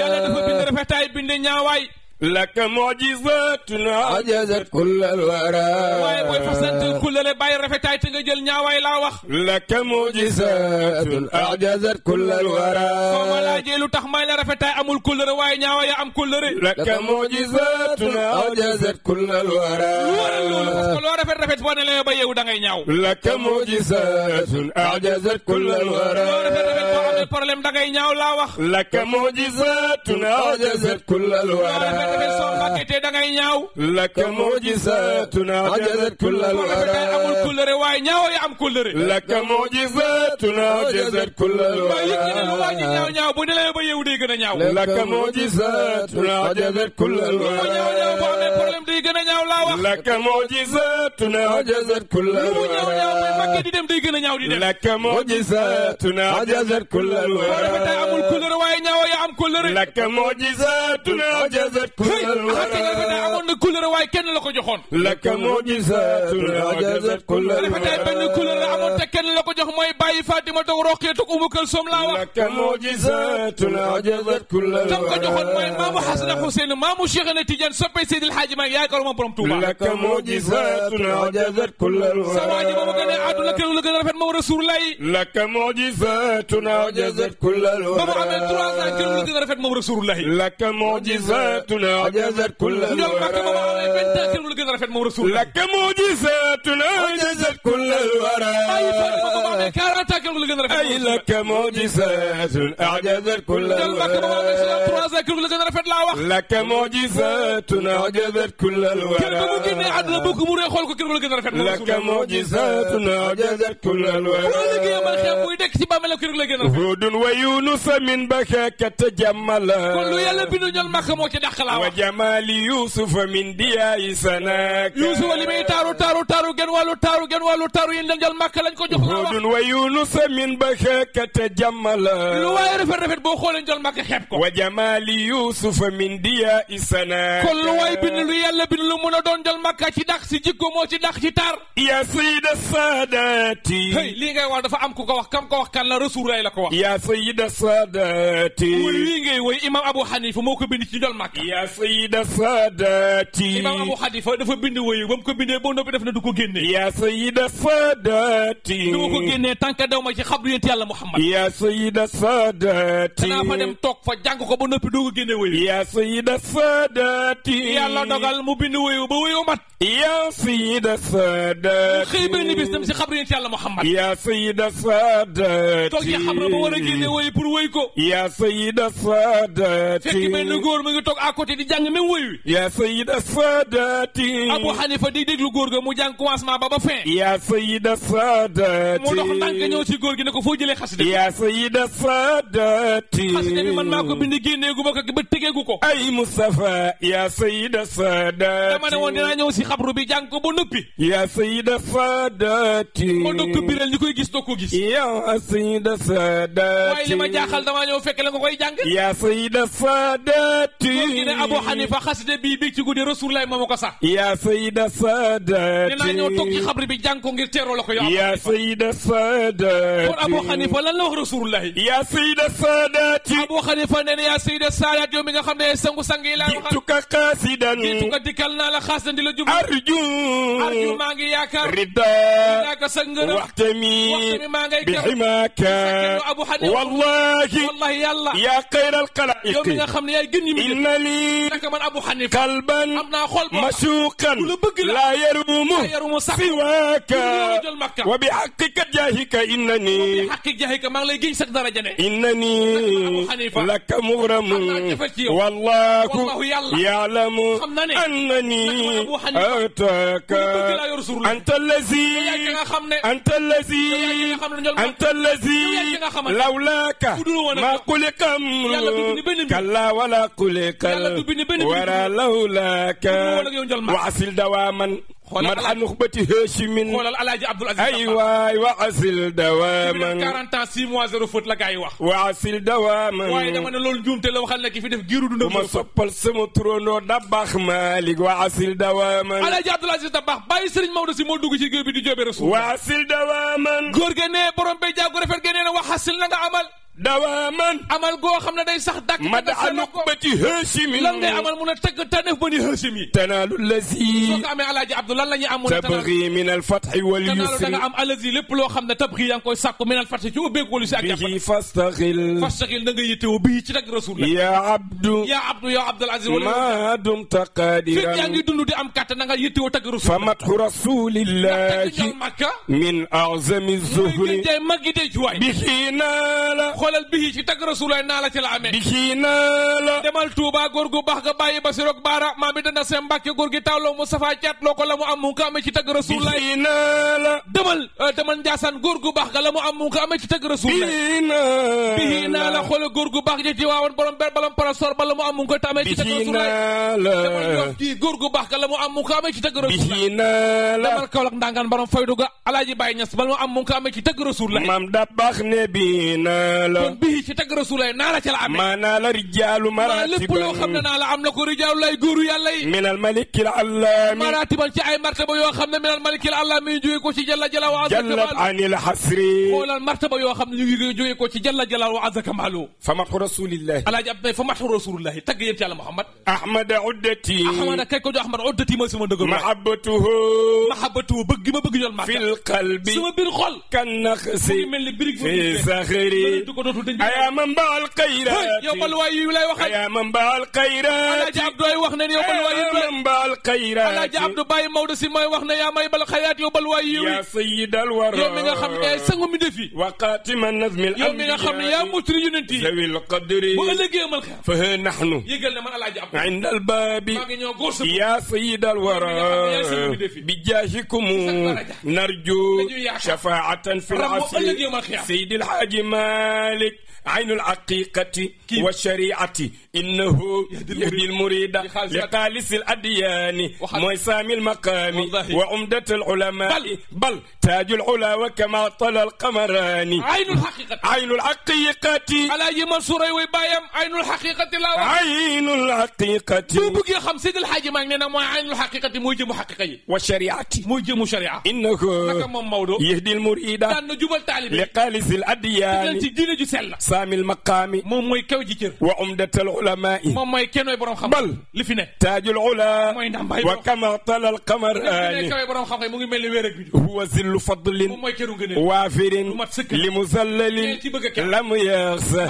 yàlla dafa bind rafetaay bind ñaawaay. lak mu'jizatun ajazat kullal wara waaye booy fasantal kullale bàyyi rafetaay te nga jël ñaawaay laa wax lak mu'jizatun ajazat kullal wara soo ma laajee lu tax may la rafetaay amul kullare waaye ñaawaay yaa am kullare lak mu'jizatun ajazat kullal wara loolu parce que loo rafet rafet boo ne la ba yeewu da ngay ñaaw lak mu'jizatun ajazat kullal wara loo rafet rafet boo amee problème da ngay ñaaw laa wax lak mu'jizatun ajazat kullal wara demel soo mbàkketee da ngay ñaaw laka mujizatuna ajazat kullal wara amul kullëre waaye ñaaw ya am kullëre laka mujizatuna ajazat kullal wara yëg ne lu waa ji ñaaw ñaaw bu delee ba yeewu day gën a ñaaw laka mujizatuna ajazat kullal wara ñaaw ñaaw boo amee problème day gën a ñaaw laa wax laka mujizatuna ajazat kullal wara lu mu ñaaw ñaaw bay màkke di dem day gën a ñaaw di dem laka mujizatuna ajazat kullal wara boo defee amul kullëre waaye ñaaw ya am kullëre laka mujizatuna ajazat xëy xakke nga rafetaay amoon na couleur waaye kenn la ko joxoon laka mujizatun ajazat kulla rafetaay benn couleur la amoon te kenn la ko jox mooy bàyyi Fatima toog roqee toog umu kalsoom laa wax laka mujizatun ajazat kulla tam ko joxoon mooy maamu Xasan Xuseyn maamu Cheikh na Tidiane soppee Seydil Xaaji Maalik yaay ko moom borom Tuuba laka mujizatun ajazat kulla sa waa ji moom gën a àdduna kër la gën a rafet moom Rasulullah laka mujizatun ajazat kulla ba mu amee trois ans kër la gën a rafet moom Rasulullah laka mujizatun ajazat kulla ñoom Mbacke moom amal ay vingt ans lu gën a rafet moom rasul la ka mujizatuna ajazat kulla wara ay Fatima moom amal quarante ans lu gën a rafet ay la ka mujizatun ajazat kulla wara ñoom Mbacke moom amal trois ans lu gën a rafet laa wax la ka mujizatuna ajazat kulla wara kenn mu génnee àdduna bokk mu ree xool ko kenn lu gën a rafet la ka mujizatuna ajazat kulla wara ko liggéey man xew buy dekk ci bàmmeel kenn lu gën a rafet hudun wa yunus min bakaka tajamala kon lu yàlla bindu ñoom Mbacke moo ci dàq laa wa jamali yusufa min diyaayi sanak yusufa li muy taaru taaru taaru gen wàllu taaru gen wàllu taaru yéen dem jël màkk lañ ko jox hodun wa yunusa min baxakata jamala lu waaye rafet rafet boo xoolee jël màkk xeeb ko wa jamali yusufa min diyaayi sanak kon lu waay bind lu yàlla bind lu mën a doon jël màkk ci dax si jikko moo ci dax ci taar ya sayida saadaati hey lii ngay wax dafa am ku ko wax kam ko wax kan la rasul la ko wax ya sayida saadaati lii ngay woy imam abu hanifa moo ko bind ci jël màkk yaa sayida saadaati imaam Abu Hanifa dafa bind wëyu ba mu ko bindee ba noppi def na du ko génne yaa sayida saadaati du ma ko génnee tànk daw ma ci xabru yonent yàlla Muhammad yaa sayida saadaati danaa fa dem toog fa jàng ko ba noppi doo ko génne wëyu yaa sayida saadaati yàlla dogal mu bind wëyu ba wëyu mat yaa sayida saadaati xëy benn bis dem si xabru yonent yàlla Muhammad yaa sayida saadaati toog ci xabru ba war a génne wëyu pour wëy ko yaa sayida saadaati fekk benn góor mu ngi toog à côté te di jàng même woy wi yaa sayyida saadaati Abu Hanifa di déglu góor ga mu jàng commencement ba ba fin yaa sayyida saadaati mu dox ndànk ñëw si ko gi ne ko foo jëlee xasida yaa sayyida saadaati xasida bi man maa ko bind génneegu ko ba tegeegu ko ay Mustafa yaa sayyida saadaati dama ne woon dinaa ñëw si xabru bi jàng ko ba noppi yaa sayyida saadaati ma doog ko biral ñu koy gis doog ko gis yaa sayyida ma jaaxal abu xanifa xasida bii biig ci guddi rasulullah mooma ko sax yaa sayida saadaati dinaa ñëw toog ci xabri bi jàng ko ngir teeroo la ko yow yaa sayida saadaati kon abu xanifa lan la wax rasulullah yaa sayida saadaati abu xanifa nee na yaa sayida saadaati yow mi nga xam ne sangu sang yi laa wax jituka xaasidan jituka dikkal naa la xaasidan di la jublu arju arju maa ngi yaakaar rida yaaka sa ngërëm waxte mi waxte mi maa ngay bi ximaaka abu xanifa wallahi wallahi yàlla yaa xayral xalaaiq yow mi nga xam ne yaay gën yi mi naka man Abu Hanifa kalban am naa xol masuuqan ku la bëgg laa yarumu yarumu sax siwaaka wa bi xaqiqa jaahika inna ni wa bi xaqiqa jaahika maa ngi lay géñ sa daraja ne inna ni laka mugramu wallahu yaalamu annani ataka anta allazi anta allazi anta allazi lawlaaka ma xuliqa amru kalla wala xuliqa du bind benn wara lawlaaka waasil dawaaman man an nuxbati haashimin xoolal alaaji Abdul Aziz ay waay waasil dawaaman 40 ans 6 mois zéro faute la gars yi wax waasil dawaaman waaye dama ne loolu njuumte la waxal na ki fi def giiru dundam ma soppal sama turandoo Dabakh Malick waasil dawaaman alaaji Abdul Aziz Dabakh bàyyi Serigne Maodo si moo dugg ci géew bi di jóobe rasul waasil dawaaman góor ge ne borom be jaago rafet ge nee na waasil na nga amal dawaa man amal goo xam ne day sax dàkk ma daanuk ba ci haasim yi lan ngay amal mun a tëgg tànneef ba ni haasim yi tanaalu lazi soo ko amee alaaji abdu lan la ñuy am mu ne tabri min al fatxi wal yusri da nga am alazi lépp loo xam ne tabri yaa ngi koy sàkku min al fatxi ci ubbeeku wal yusri ak jàpp bihi fastaxil fastaxil na nga yittewoo bii ci rek rasul yaa abdu yaa abdu yaa abdul aziz ma dumta qaadiran yaa ngi dund di am kàttan na nga yittewoo tagg rasul fa matxu rasulillahi min azami zuhri bihi naala xoolal naa la ci la amee bi ci naa la demal Touba góor gu baax ga bàyyi Basiroog Baara maa mi dana seen mbàkke góor gi tawloo Moustapha Caat loo ko la mu am mu ngi ko amee ci tagg rasulaay bi naa la demal euh, demal Njaasaan góor gu baax ga la mu am mu ngi ko amee ci tagg rasulaay bi naa la xoolal góor gu baax ba la mu am mu ngi ko tamee ci tagg ga la mu am amee ci tagg rasulaay demal ba la mu am mu ngi ko amee ci tagg rasulaay maam da baax ne bi naa la la kon bii ci tagg rasulaay naa la ca la amee maa naa la rijaalu maraatiban lépp loo xam ne naa la am na ko rijaalu lay góoru yàlla yi minal malikil allaami maraatiban ci ay martaba yoo xam ne minal malikil allaami ñu jógee ko ci jalla jalla wa jalla anil hasri xoolal martaba yoo xam ne ñu ngi jógee ko ci jalla jalla wa azza kamaalu fa matu rasulillahi alaaji ab fa matu rasulillahi tagg yéen ci yàlla Muhammad ahmad uddati ahmad kay ko jox ahmad uddati mooy sama dëgg mahabbatuhu mahabbatuhu bëgg gi ma bëgg ñol ma fil qalbi sama biir xol kan naxsi mel ni birig fi saxri dootul dañ aya man baal xayra yow bal waay yu lay waxal aya man baal xayra alaaji abdu ay wax ne yow bal waay yu man baal xayra alaaji abdu bàyyi Maodo si mooy wax ne yaa may bal xayraat yow bal waay yu yaa sayyidal wara yow mi nga xam ne sangu mi defi wa qatima nazmil yow mi nga xam ne yaa mutri yonent yi zawil qadri bu ëllëgee mal xeex fa nahnu yëgal na man alaaji abdu indal baabi yaa sayyidal wara bi jaahikum narju shafaatan fil asri sayyidil haaji ma Malik عين العقيقة والشريعة إنه يهدي المريد لخالص الأديان ميسام المقام وعمدة العلماء بل تاج العلا وكما طلى القمران عين الحقيقة عين الحقيقة على يمن سوري ويبايم عين الحقيقة لا عين الحقيقة بو بوغي خم سيد الحاج ماك نينا موي عين الحقيقة موي جيمو حقيقة والشريعة موي جيمو شريعة إنه يهدي المريد دان جوبال طالب لخالص الأديان دان جي دينا جو سل saamil maqaami moom mooy kaw ji cër wa umdatal ulamaa yi moom mooy kennooy borom xam bal li fi ne taajul ula mooy ndàmbaay wa kama talal qamar aani kawe borom xam mu ngi mel ni wéer ak bi huwa zillu fadlin moom mooy këru ngëneel waafirin li musallalin lam yaxsa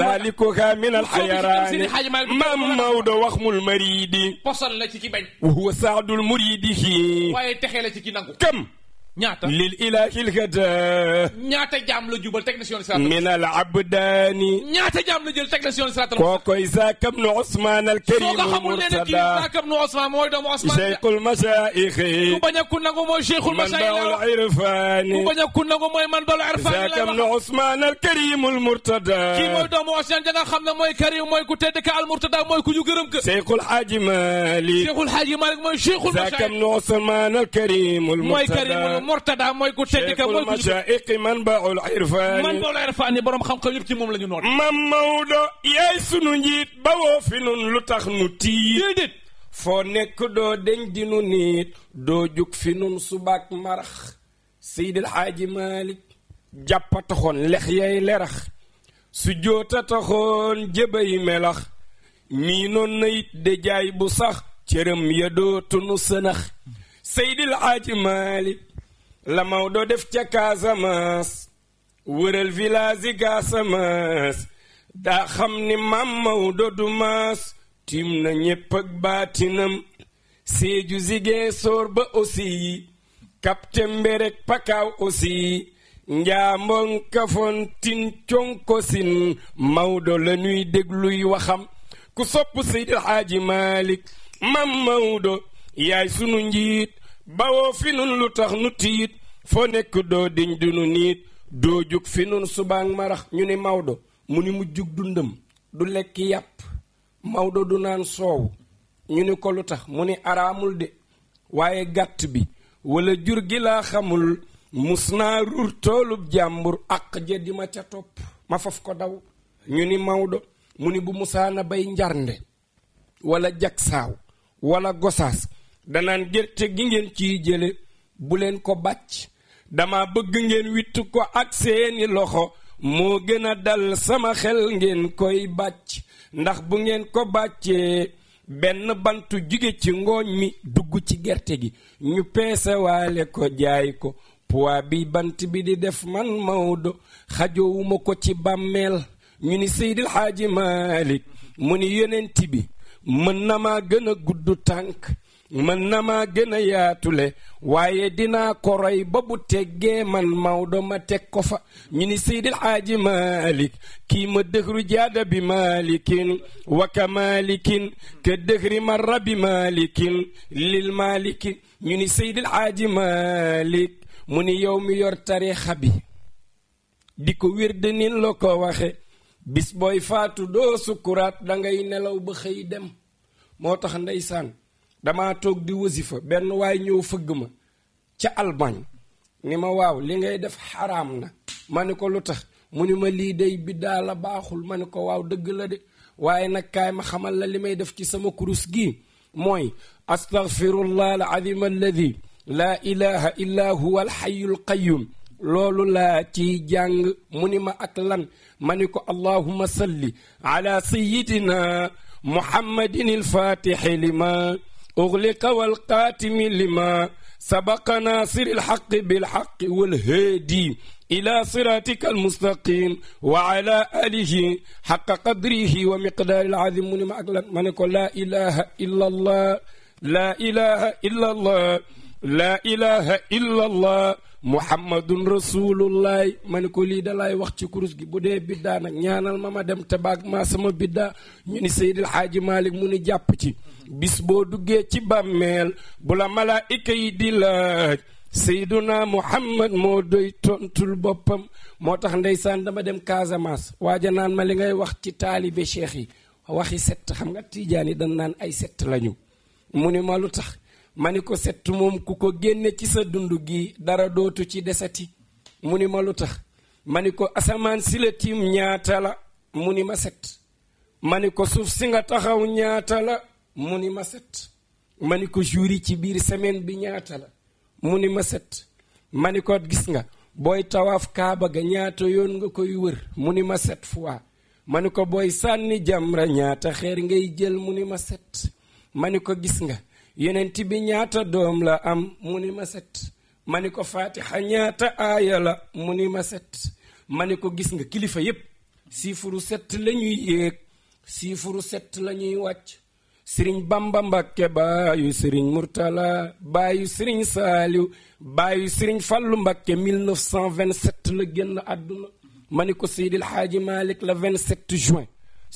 saalikuha min al xayaraani maam Maodo wax mul maridi posal la ci ci bañ wa huwa saadul muridihi waaye texe la ci ci nangu kam ñaata lil ilahil hada ñaata jaam la jubal teg na si yoon siraat min al abdaani ñaata jaam la jël teg na si yoon siraat kookoy Zaaka bnu Ousmane al karim soo ko xamul ne ne kii Zaaka bnu Ousmane mooy doomu Ousmane cheikhul masaïxi ku bañ a ku nangu mooy cheikhul masaïxi man bal irfani ku bañ a ku nangu mooy man bal irfani Zaaka bnu Ousmane al karim al murtada kii mooy doomu Ousmane da nga xam ne mooy karim mooy ku tedd ka al murtada mooy ku ñu gërëm ka cheikhul haaji Malik cheikhul haaji Malik mooy cheikhul masaïxi Zaaka bnu Ousmane al karim al murtada Mortada mooy ku tedd ka ku shaaiqi man baul irfaani man baul irfaani borom xam-xam yëpp ci moom la ñu noon mam Maodo yaay sunu njiit bawoo fi nun lu tax nu tiit déedéet nekk doo deñ di nu niit doo jug fi nun subaak marax Seydil Xaaji Malik jàppa taxoon lex yay lerax su taxoon jëbay melax mii noon na de jaay bu sax cërëm ya dootunu sënax Seydil Xaaji Malik la Maodo def ca Casamance wëral village yi Casamance daa xam ni maam Maodo du maas tiim na ñépp ak baatinam Sédhiou Ziguinchor ba aussi Kaptem Mberek Pakaaw aussi Njaambon Kafountine Conkosine Maodo la ñuy dégluy waxam ku sopp Seydi El Hadji Malick maam Maodo yaay sunu njiit bawoo fi nun lu tax nu tiit foo nekk doo diñ dunu niit doo jug fi nun subaang marax ñu ni Maodo mu ni mu jug dundam du lekk yàpp Maodo du naan soow ñu ni ko lu tax mu ni araamul de waaye gàtt bi wala jur gi laa xamul mus naa ruur toolub jàmbur àq ja di ma ca topp ma faf ko daw ñu ni Maodo mu ni bu musaana bay njarnde wala jagsaaw wala gosaas danaan gerte gi ngeen ciy jële bu leen ko bàcc dama bëgg ngeen witt ko ak seeni loxo moo gën a dal sama xel ngeen koy bàcc ndax bu ngeen ko bàccee benn bantu jóge ci ngooñ mi dugg ci gerte gi ñu peesewaale ko jaay ko poids bi bant bi di def man Maodo xajoowuma ko ci bàmmeel ñu ni Seydil Xaaji Maalik mu ni yonent bi mën na ma gën a gudd tànk mën na ma gën a yaatule waaye dina ko roy ba bu teggee man Maodo ma teg ko fa ñu ni Seydil Xaaji Malik kii ma dëxru jaada bi malikin wa ka malikin ka dëxri lil malikin ñu ni Seydil Xaaji Malik mu ni yow mi yor tariixa bi di ko wirde nin la ko waxe bis booy faatu doo sukkuraat dangay nelaw ba xëy dem moo tax ndeysaan dama toog di wasifa benn waay ñëw fëgg ma ca Allemagne ni ma waaw li ngay def xaraam na ma ni ko lu tax mu ni ma lii day biddaa la baaxul ma ni ko waaw dëgg la de waaye nag kaay ma xamal la li may def ci sama kurus gi mooy astaghfirullah al azim alladi laa illa huwa al xayul loolu la ci jàng mu ni ma ak lan ma ni ko allahuma salli ala sayidina muhammadin alfatixi lima أغلق والقاتم لما سبق ناصر الحق بالحق والهادي إلى صراطك المستقيم وعلى آله حق قدره ومقدار العظيم من أقلن منك لا إله إلا الله لا إله إلا الله لا إله إلا الله muhammadun rasulullahi ma ne ko lii dalaay wax ci kurus gi bu dee biddaa nag ñaanal ma ma dem te baag maa sama bidda ñu ni seydil xaaji maalik mu ni jàpp ci bis boo duggee ci bàmmeel bula la malaayika yi di laaj seyduna muhammad mo doy tontul boppam moo tax ndey ndeysaan dama dem Casamance waaja naan ma li ngay wax ci taalibe cheikh yi waxi set xam nga tiijaan yi dan naan ay set lañu mu ni ma tax ma ni ko set moom ku ko génne ci sa dund gi dara dootu ci desati mu ni ma lu tax ma ni ko asamaan si la ñaata la mu ni ma set ma ni ko suuf si nga taxaw ñaata la mu ni ma set ma ni ko jour ci biir semaine bi ñaata la mu ni ma set ma ni ko gis nga booy tawaaf kaaba ga ñaata yoon nga koy wër mu ni ma set fois ma ni ko booy sànni jamra ñaata xeer ngay jël mu ni ma set ma ni ko gis nga yeneen bi ñaata doom la am mu ma set ma ni ko faatixa ñaata aaya la mu ma set ma ni ko gis nga kilifa yépp siifuru set la ñuy yéeg siifuru set la ñuy wàcc sëriñ bamba mbakke baayu sëriñ murtala baayu sëriñ saaliw baayu sëriñ fàllu mbakke 1927 la génn àdduna ma ni ko seydil xaaji malik la 27 juin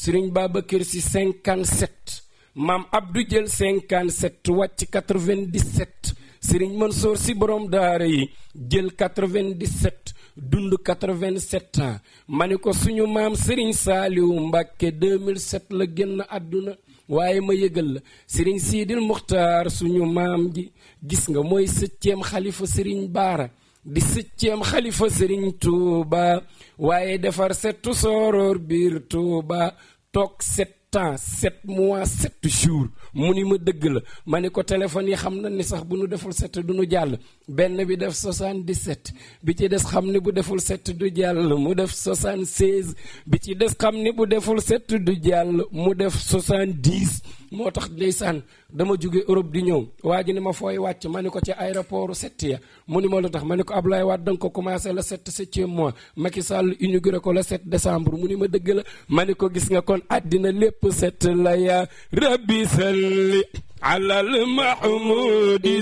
sëriñ babacar si 57 maam Abdou jël 57 wàcc 97 Serigne Mansour si borom daara yi jël 97 dund 87 ans ma ni ko suñu maam Serigne Saliou Mbacke 2007 la génn àdduna waaye ma yëgal la Serigne Sidil Muxtaar suñu maam ji gis nga mooy sëcceem xalifa Serigne Baara di sëcceem xalifa Serigne Touba waaye defar setu sooroor biir Touba toog set. ans sept mois sept jours mu ni ma dëgg la ma ni ko téléphone yi xam na ni sax bu nu deful sept du nu jàll benn bi def 77 bi ci des xam ni bu deful sept du jàll mu def 76 bi ci des xam ni bu deful sept du jàll mu def 70 moo tax ndeysaan dama jóge Europe di ñëw waa ji ni ma fooy wàcc ma ni ko ci aéroport setti ya mu ni ma lu tax ma ni ko Ablaye Wade da nga ko commencé le sept septième mois Macky Sall inauguré ko le 7 décembre mu ni ma dëgg la ma ni ko gis nga kon àddina lépp set la yaa rabbi salli alal ba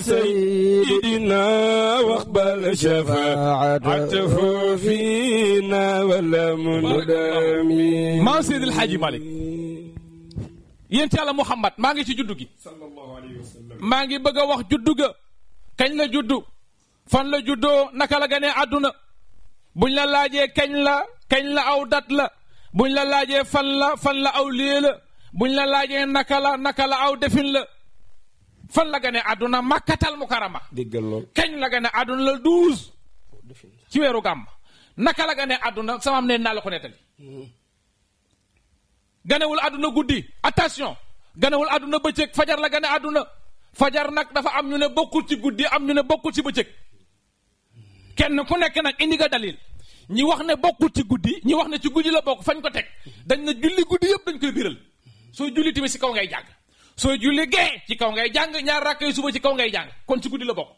sayyidina waqbal shafaatahu fiina wala mudami maa Seydi El Hadji Malick yéen ci yàlla Muhammad maa ngi ci juddu gi. maa ngi bëgg a wax juddu ga. kañ la juddu. fan la juddoo naka la ganee àdduna. buñ la laajee kañ la kañ la aw dat la. buñ la laajee fan la fan la aw lii la. buñ la laajee naka la naka la aw defin la. fan la ganee àdduna makkatal mukarama. déggal la ganee àdduna la douze. ci weeru gàmm. naka la ganee àdduna sama am ne naa la ko nettali. Hmm. ganewul àdduna guddi attention ganewul àdduna bëccëg fajar la gane àdduna fajar nag dafa am ñu ne bokkul ci guddi am ñu ne bokkul ci bëccëg kenn ku nekk nag indi nga dalil ñi wax ne bokkul ci guddi ñi wax ne ci guddi la bokk fañ ko teg dañ na julli guddi yëpp dañ koy biral soo julli tamit ci kaw ngay jàng sooy julli gee ci kaw ngay jàng ñaar rakk suba ci kaw ngay jàng kon ci guddi la bokk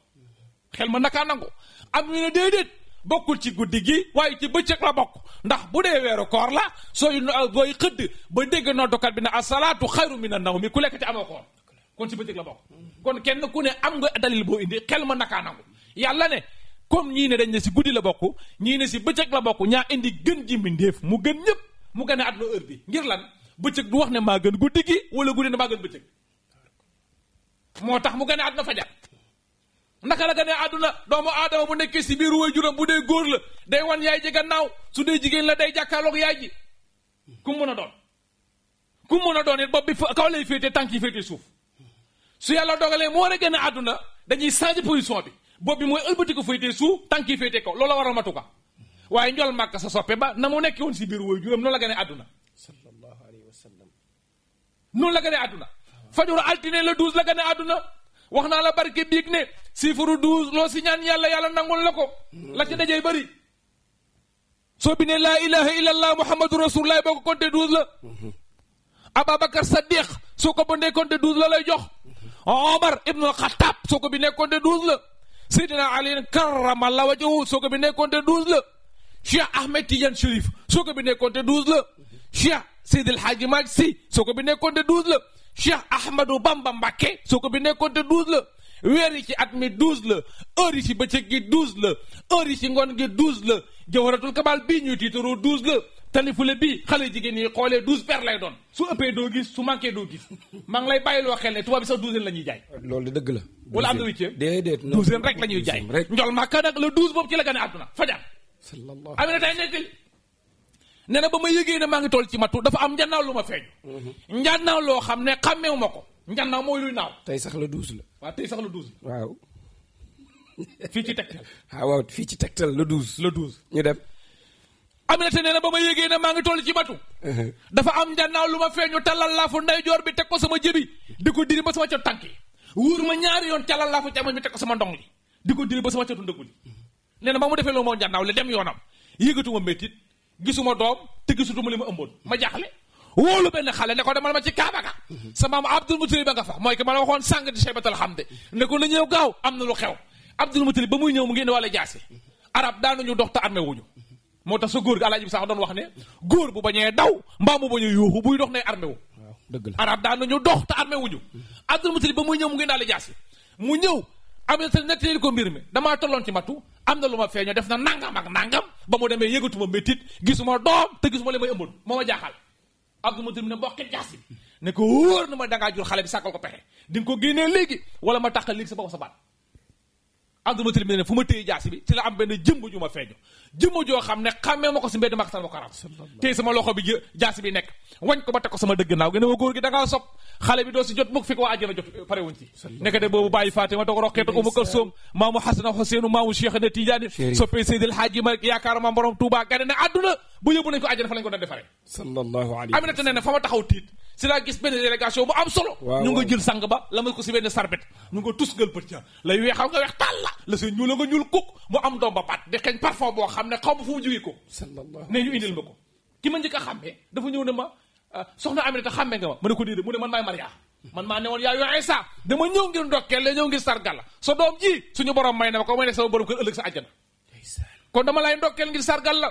xel ma naka nangu am ñu ne déedéet bokkul ci guddi gi waaye ci bëccëg la bokk ndax bu dee weeru koor la sooy booy xëdd ba dégg noddukat bi ne asalaatu xayru mina mi ku lekk ci amoo koor kon ci bëccëg la bokk kon kenn ku ne am nga dalil boo indi xel ma nakaa nangu yàlla ne comme ñii ne dañ ne si guddi la bokk ñii ne si bëccëg la bokk ñaa indi gën ji mbindéef mu gën ñëpp mu gën at loo heure bi ngir lan bëccëg du wax ne maa gën guddi gi wala guddi ne maa gën bëccëg moo tax mu gën a at na naka la gane àdduna doomu aadama bu nekkee si biir juróom bu dee góor la day wan yaay ji gannaaw su dee jigéen la day jàkkaarloog yaay ji ku mën a doon ku mën a doon it bopp bi kaw lay féete tànk yi féete suuf su yàlla dogalee mu war a génn àdduna dañuy changer position bi bopp bi mooy ëlbati ko féete suuf tànk yi féete kaw loola war a matuka waaye njol màkk sa soppe ba na mu nekkee woon si biir waajuram noonu la gane àdduna sallallahu alayhi wa sallam la gane àdduna fajoor la douze la gane àdduna wax naa la barke biig ne siifuru douze loo si ñaan yàlla yàlla nangul la ko la ca dajee bëri soo bindee laa ilaha illallah muhammadu rasulullah boo ko compté douze la Ababacar Saddiq soo ko bindee compté douze la lay jox Omar ibnul Xattaab soo ko bindee compté douze la Seydina Ali karramallahu wajhahu soo ko bindee compté douze la Cheikh Ahmed Tidiane Chérif soo ko bindee compté douze la Cheikh Seydil Hadji Malick Sy soo ko bindee compté douze la Cheikh Ahmadou Bamba Mbacke soo ko bindee compte douze la weer yi ci at mi douze la heure yi ci bëccëg gi douze la heure yi ci ngoon gi douze la jawharatul kamal bii ñuy tiitaroo douze la talifule bii xale jigéen yi xoolee douze per lay doon su ëppee doo gis su manqué doo gis maa ngi lay bàyyiloo xel ne tubaab la ñuy jaay. loolu dëgg la. wala am na huitième déedéet rek la ñuy jaay. njol màkka nag le douze boobu ci la gën a àdduna fajar. sallallahu alayhi wa sallam nee na ba ma yëgee ne maa ngi toll ci matu dafa am njannaaw lu ma feeñ mhm. njannaaw loo xam ne xàmmeewu ma ko njannaaw mooy luy naaw tey sax la douze la waaw tey sax ci tegtal fii ci tegtal le ah, douze le douze ñu dem Aminata nee na ba ma ne maa ngi toll ci matu uh-huh. dafa am njannaaw lu ma feeñu talal laafu ndeyjoor bi teg ko sama jëbi di ko diri ba sama cot tànk yi wóor ma ñaari yoon talal laafu càmmoñ bi teg ko sama ndong li di ko diri ba sama cotu ndëggu li uh-huh. ba mu defee loo moo njannaaw li dem yoonam yëgatuma métit gisuma doom te gisutuma li ma ëmboon ma jaaxle wóolu benn xale ne ko demal ma ci Kaaba ga sa maam Abdul Mutalib ba nga fa mooy ki ma la waxoon sàng di Shaybatul Hamd ne ko na ñëw gaaw am na lu xew Abdul Mutalib ba muy ñëw mu ngi indi walla jaasi arab daanuñu dox te armé moo tax sa góor gi bi sax doon wax ne góor bu bañee daw mbaa mu bañee yuuxu buy dox ne armé wu dëgg la arab daanuñu dox te armé wuñu Abdul Mutalib ba muy ñëw mu ngi indi walla jaasi mu ñëw am na sa nettali ko mbir mi damaa tolloon ci matu am na lu ma feeñoo def na nangam ak nangam ba mu demee yëgatuma métit gisuma doom te gisuma li may ëmboon moo ma jaaxal abdu matur ne mboqit jaasi ne ko wóor na ma dangaa jur xale bi sàkkal ko pexe di nga ko génnee léegi wala ma tàqal léegi sa bopp sa baat abdomatil mi ma téye jaasi bi ci la am benn jëmb ju ma feeñu jëmb joo xam ne xàmmee ma ko si mbedd Makka ma ko ram téye sama loxo bi jaasi bi nekk wañ ko ba teg ko sama dëgg naaw gi nekk de boobu bàyyi Fatima doog roqeet ak Umu Kalsoom maamu Xasana Xuseenu maamu Cheikh na Tijaani soppee Seydil Haaji Malik yaakaar ma borom Tuubaa gane ne àdduna bu yóbbu nañ ko àjjana fa lañ ko doon defaree sallallahu alayhi Aminata nee na fa ma taxaw tiit ci laa gis benn délégation bu am solo. ñu nga jël sang ba la ma ko si benn sarbet ñu nga tusgal pëcc lay weexal nga weex tàll la la seen ñuul nga ñuul kuk mu am doom ba pat boo xam ne xaw ma fu mu jógee ko. ne ñu indil ma ko. ki ma njëkk a xàmmee dafa ñëw ne ma ah, soxna Aminata xàmmee nga ma ma ne ko déedéet mu ne man maay Maria. man maa ne woon yaa yoo Isa dama ñëw ngir ndokkeel la ñëw ngir sargal la sa doom ji suñu borom may na ma ko may nekk sama borom kër ëllëg sa àjjana kon dama lay ndokkeel ngir sargal la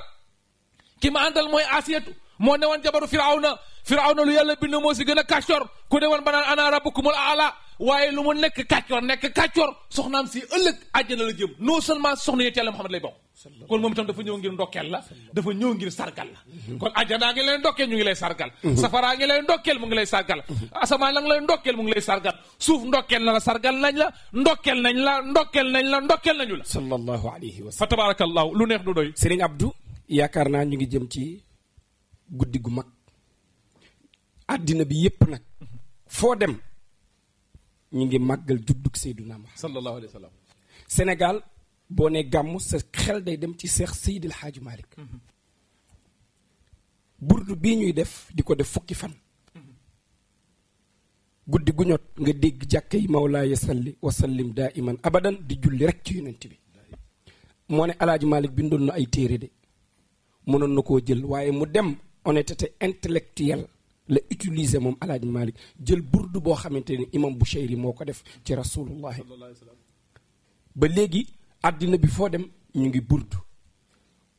ki ma àndal mooy Asiyatu moo ne woon jabaru Firawna firawna lu yàlla bind moo si gën a kàccoor ku de woon ba naan ana rabbukumul aala waaye lu mu nekk kàccoor nekk kàccoor soxnaam si ëllëg àjjana la jëm non seulement soxna yonent yàlla Muhammad lay bokk kon moom itam dafa ñëw ngir la dafa ñëw ngir sargal la mhm. kon àjjanaa ngi lay ndokkeel ñu ngi lay sargal mhm. safaraa ngi lay ndokkeel mu ngi lay sargal mhm. asamaan la nga lay ndokkeel mu ngi lay sargal suuf ndokkeel na la sargal nañ la ndokkeel nañ la ndokkeel nañ la ndokkeel nañu la sallallahu alayhi wa sallam fa tabarakallahu lu neex du doy Serigne Abdou yaakaar naa ñu ngi jëm ci guddi gu mag àddina bi yépp nag foo dem ñu ngi màggal juddug Seydina Muhammad sallallahu alayhi boo ne gàmmu sa xel day dem ci Seex Seydil Haaji Malick burdu bii ñuy def di ko def fukki fan guddi gu ñot nga dégg jàkka yi mawlaaya salli wasallim daa iman abadan di julli rek ci yonent bi moo ne alaaji bindoon na ay téere de mënoon na koo jël waaye mu dem honnêteté intellectuelle la utiliser moom alaaji Malick jël burdu boo xamante ni imam Bushayri moo ko def ci rasulullahi ba léegi àddina bi foo dem ñu ngi burdu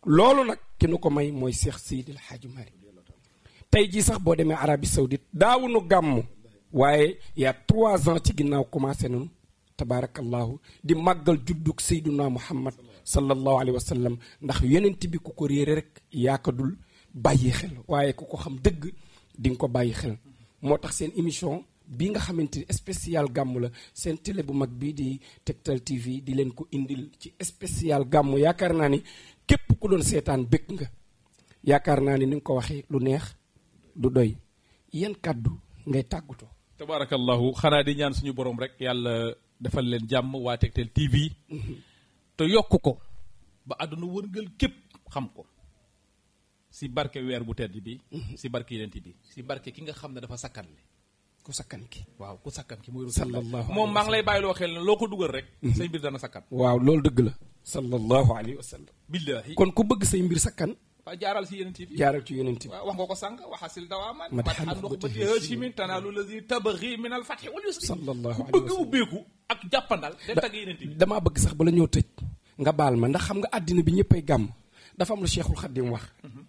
loolu nag ki nu ko may mooy Cheikh Seydil Hadji Malick tey jii sax boo demee Arabie Saoudite daawuñu gàmm waaye yaa trois ans ci ginnaaw commencé nañu tabaarakallahu di màggal juddug Seyduna Muhammad sallallahu alayhi wa sallam ndax yeneen bi ku ko réere rek yaakadul bàyyi xel waaye ku ko xam dëgg di ko bàyyi xel moo tax seen émission bi nga xamante ni spécial gàmm la seen télé bu mag bii di Tektal TV di leen ko indil ci spécial gàmmu yaakaar naa ni képp ku doon seetaan bëgg nga yaakaar naa ni ni ko waxee lu neex du doy yan kàddu ngay tàggatoo. tabaarakallahu xanaa di ñaan suñu boroom rek yàlla defal leen jàmm waa Tektal TV. Mm-hmm. te yokk ko ba àdduna wërngal képp xam ko. si barke weer bu tedd mhm. bi si barke ki nga xam ne dafa sakkan le ku sakkan ki waaw ku sakkan ki mooy sallallahu moom maa ngi lay bàyyiloo xel ne loo ko dugal rek mhm. say mbir dana sakkan waaw loolu dëgg la sallallahu alayhi wa sallam billaahi kon ku bëgg say mbir sakkan waaw jaaral wax nga ko sànq waxasil a madaxan ndox bati hachimin tanaalu lazi tabaxi min al fatxi wal yusri sallallahu alayhi wa sallam bëgg ubbeeku ak jàppandal day tagg nga baal ma ndax xam nga àddina bi ñëppay gàmm dafa am la cheikhul xaddim wax mhm.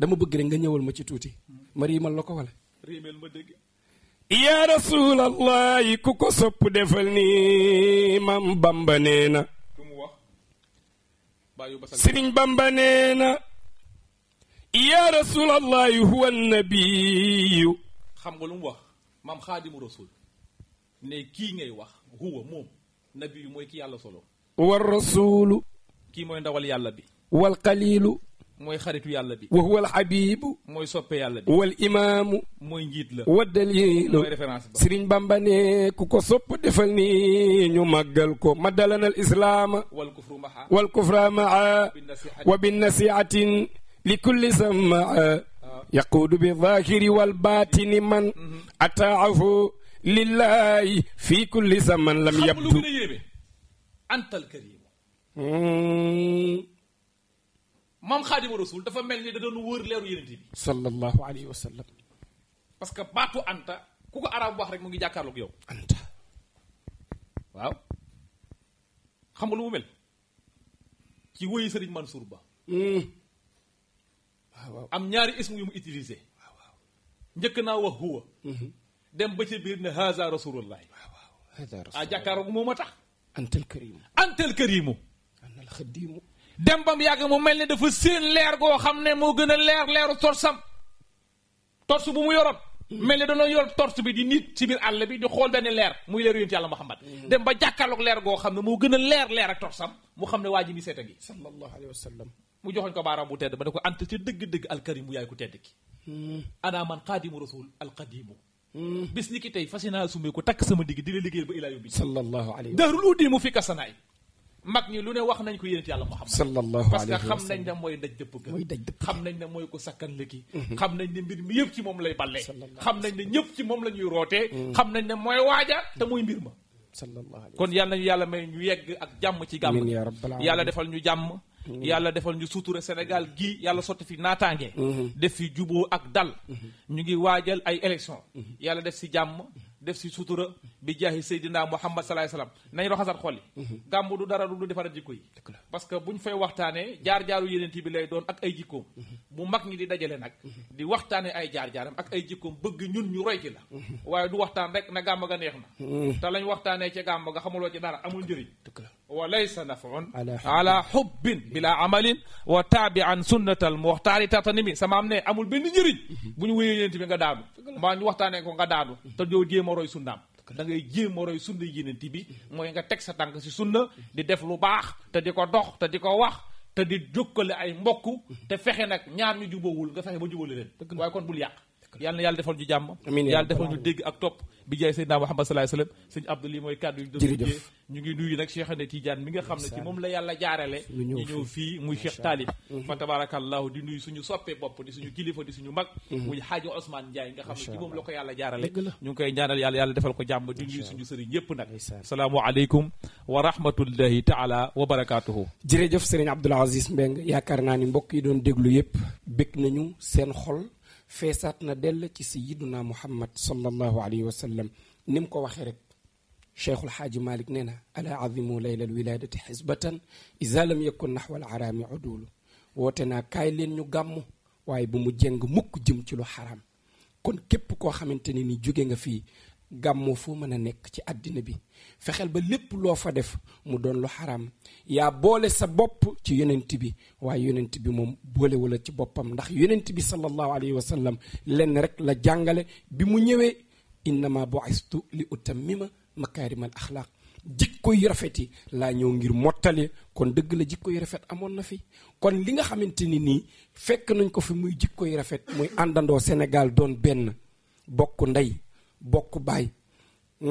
dama bëgg rek nga ñëwal ma ci tuuti ma riimal la ko wala riimal ma dégg yaa rasulallahi ku ko sopp defal ni mam bamba nee na sëriñ na yaa rasulallahi huwa nabiyu nga lu mu wax maam xaadimu rasul ne kii ngay wax huwa moom nabiyu mooy ki yàlla solo war rasulu kii mooy ndawal yàlla bi wal qalilu mooy xaritu yàlla bi wa huwa al habibu mooy soppe yàlla bi wal imaamu mooy njiit la wa dalilu mooy référence ba sëriñ bamba ne ku ko sopp defal ni ñu màggal ko madalana al islaama wal kufru maa wal kufra maa wa binnasihatin li kulli samaa ah. yaquudu bi zaahiri wal baatini man mm-hmm. ataahu lillahi fi kulli zaman lam yabdu antal karim hmm. maam xaadima rasul dafa mel ni da doon wër leeru yenente bi sallallahu parce que baatu anta ku ko arab wax rek mu ngi jàkkaarloog yow anta waaw xam nga lu mu mel ci wëyi sëriñ Mansour Ba hmm. am ñaari ismu yu mu utilisé njëkk naa wax huwa hmm. dem ba ci biir ne haza rasulullah waaw waaw a jàkkaarloog moom a tax antal karimu antal karimu anal dem bam yàgg mu mel ne dafa séen leer goo xam ne moo gën a leer leeru torsam tors bu mu yoroon mel ne dana yor tors bi di nit ci biir bi di xool benn leer muy leer yonent yàlla Muhammad mm-hmm. dem ba jàkkaarloog leer goo xam ne moo a leer leer ak torsam mu xam ne waa ji ni seeta gi sallallahu alayhi wa sallam mu joxoñ ko baaraam bu tedd ba ne ko ant ci dëgg-dëgg alkarimu yaay ku tedd ki mm-hmm. ana man xaadimu rasul alqadimu mm-hmm. bis ni ki tey fas naa sumee ko takk sama digg di la liggéeyal ba ilaa yóbbi sallallahu alayhi dahrul udi mu fi kasanaay mag ñi lu ne wax nañ ko yéen yàlla Muhammad sallallahu alayhi wa sallam parce xam nañ ne mooy daj dëpp ga mooy daj dëpp xam nañ ne mooy ko sakkan lëkki mhm. xam nañ ne mbir mi yëpp ci moom lay ballee xam nañ ne ñëpp ci moom la ñuy rootee mhm. xam nañ ne mooy waaja te mooy mbir ma kon yàlla nañu yàlla may ñu yegg ak jàmm ci gàmm yàlla defal ñu jàmm mhm. yàlla defal ñu sutura Sénégal gii yàlla sotti fi naataange def fi juboo ak dal ñu ngi waajal ay élection yàlla def si jàmm def si sutura bi jaahi Seydina Muhammad salaay salaam nañ raxasat xol yi mhm. gàmmu du dara du defaraat jikko yi parce que bu ñu fay waxtaanee jaar-jaaru yeneen bi lay doon ak ay jikkoom mhm. bu mag ñi di dajale nag mhm. di waxtaanee ay jaar-jaaram ak ay jikkoom bëgg ñun ñu roy ci la waaye du waxtaan rek na gàmm ga neex na te lañ waxtaanee ca gàmm ga xamuloo ca dara amul njëriñ wa laysa nafun ala hubbin bila amalin wa taabi an sunnatal muxtaari tatanimi sama am ne amul benn njëriñ bu ñu wéyee yénent bi nga daanu mbaa ñu waxtaanee ko nga daanu te doo jéem a roy sunnaam da ngay jéem a roy sunna yénent bi mooy nga teg sa tànk si sunna di def lu baax te di ko dox te di ko wax te di jokkale ay mbokk te fexe nag ñaar ñu jubawul nga fexe ba jubale leen waaye kon bul yàq yàlla na yàlla defal ñu jàmm yàlla defal ñu dégg ak topp bi jaay Seydina Muhammad ngi nuyu nag Cheikh Ahmed Tidiane mi nga xam ne moom la yàlla jaarale ñu ñëw fii muy Cheikh Talib mm-hmm. fa tabarakallahu di suñu soppe bopp suñu kilifa di suñu mag mm-hmm. muy Hadji Ousmane Ndiaye nga xam moom la ko yàlla jaarale ñu ngi koy ñaanal yàlla yàlla defal ko jàmm di nuyu suñu sëriñ yépp nag salaamu aleykum wa rahmatullahi taala wa barakatuhu jërëjëf sëriñ Abdoul Aziz Mbeng yaakaar naa ni mbokk yi doon déglu yépp bëgg nañu seen xol feesaat na dell ci sayyiduna muhammad sallallahu alayhi wa sallam ni mu ko waxee rek cheikhul xaaji malik nee na ala azimu laylal wiladati xisbatan isa lam yakun naxwal araami woote naa kaay leen ñu gàmm waaye bu mu jëng mukk jëm ci lu xaraam kon képp koo xamante ne ni jóge nga fii gàmmoo foo mën a nekk ci àddina bi fexeel ba lépp loo fa def mu doon lu xaraam yaa boole sa bopp ci yonent bi waaye yonent bi moom boole wala ci boppam ndax yonent bi sallallahu alayhi wa sallam lenn rek la jàngale bi mu ñëwee innama bu'istu li utam mi utammima makaarimal axlaaq jikko yu rafet yi laa ñëw ngir mottali kon dëgg la jikko yu rafet amoon na fi kon li nga xamante ni nii fekk nañ ko fi muy jikko yu rafet muy àndandoo Sénégal doon benn bokk ndey bokk baay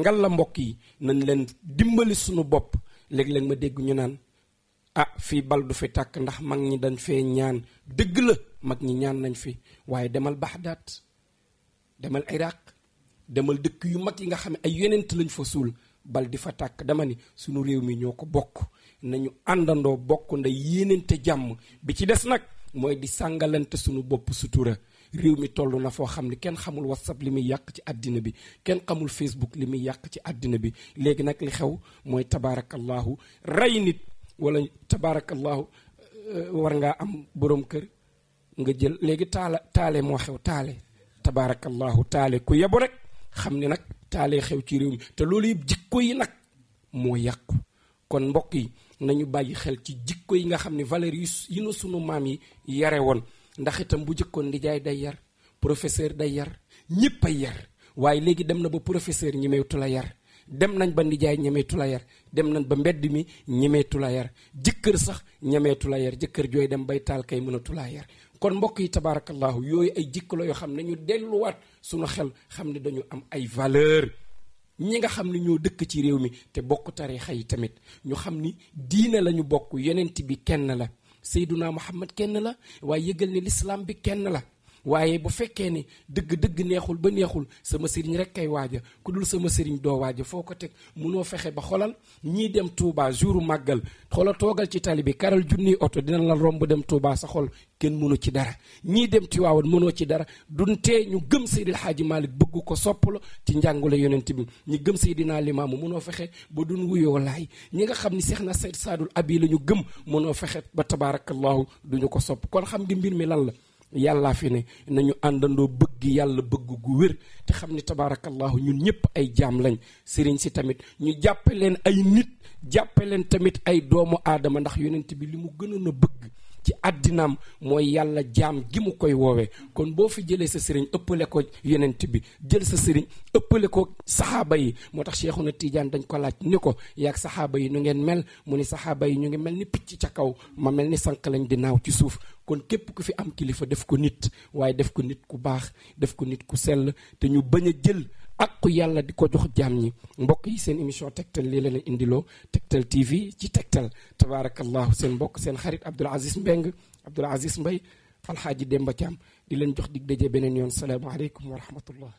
ngal la mbokk yi nañ leen dimbali sunu bopp léegi léeg ma dégg ñu naan a ah, fii bal du fi tàkk ndax mag ñi dañ fee ñaan dëgg la mag ñi ñaan nañ fi waaye demal baxdaat demal iraq demal dëkk yu mag yi nga xam ne ay yeneent lañ fa suul bal di fa tàkk dama ni suñu réew mi ñoo ko bokk nañu àndandoo bokk nda yéenante jàmm bi ci des nag mooy di sàngalante suñu bopp sutura réew mi toll na foo xam ne kenn xamul whatsapp li muy yàq ci àddina bi kenn xamul facebook li muy yàq ci àddina bi léegi nag li xew mooy tabaarakallahu rey nit wala tabaarakallahu euh, war ngaa am boroom kër nga jël léegi taala taale moo xew taale tabaarakallahu taale ku yebu rek xam ni nag taale xew ci réew mi te loolu yëpp jikko yi nag moo yàqu kon mbokk yi nañu bàyyi xel ci jikko yi nga xam ni valeurs yi nu sunu maam yi yare woon ndax itam bu jëkkoon nijaay day yar professeur day yar ñëpp ay yar waaye léegi dem na ba professeur ñemeetu la yar dem nañ ba nijaay ñemeetu la yar dem nañ ba mbedd mi ñemeetu la yar jëkkër sax ñemeetu la yar jëkkër jooy dem bay taal kay mënatu laa yar kon mbokk yi tabaarakallahu yooyu ay jikko la yoo xam ne ñu delluwaat suñu xel xam ne dañu am ay valeur ñi nga xam ne ñoo dëkk ci réew mi te bokk tariixa yi tamit ñu xam ni diine la ñu bokk yonent bi kenn la seyduna muhammad kenn la waaye yëgal ne lislaam bi kenn la waaye bu fekkee ni dëgg dëgg neexul ba neexul sama sëriñ rek ay waaja ku dul sama sëriñ doo waaja foo ko teg munoo fexe ba xolal ñii dem Touba jouru màggal xoola toogal ci tali bi karal junniy oto dina la romb dem Touba sa xol kenn mënu ci dara ñii dem Tiwaawan mënoo ci dara duntee ñu gëm Seydil Hadji Malick bëgg ko sopp ci njàngule yonent bi ñi gëm Seydina Limaamu mënoo fexe ba dun wuyoo laay ñi nga xam ni seex na Seyd Saadul Abi la ñu gëm mënoo fexe ba tabaarakallaahu duñu ko sopp kon xam nga mbir mi lan la yàllaa fi ne nañu àndandoo bëgg yàlla bëgg gu wér te xam ni tabaarakallahu ñun ñëpp ay jaam lañ sëriñ si tamit ñu jàppe leen ay nit jàppe leen tamit ay doomu aadama ndax yonent bi li mu gën a bëgg ci àddinaam mooy yàlla jaam gi mu koy woowee kon boo fi jëlee sa sëriñ ëppale ko yonent bi jël sa sëriñ ëppale ko saxaaba yi moo tax na Tijaan dañ ko laaj ni ko yaag saxaaba yi nu ngeen mel mu ni saxaaba yi ñu ngi mel ni picc ca kaw ma mel ni sànq lañ di naaw ci suuf kon képp ku fi am kilifa def ko nit waaye def ko nit ku baax def ko nit ku sell te ñu bëñ a jël àqu yàlla di ko jox jaam ñi mbokk yi seen émission tegtal lii la leen indiloo tegtal TV ci tegtal tabaarakallahu seen mbokk seen xarit Abdoul Aziz Mbeng Abdoul Aziz Mbay alxaaji Demba Caam di leen jox dig daje beneen yoon salaamaaleykum wa rahmatullah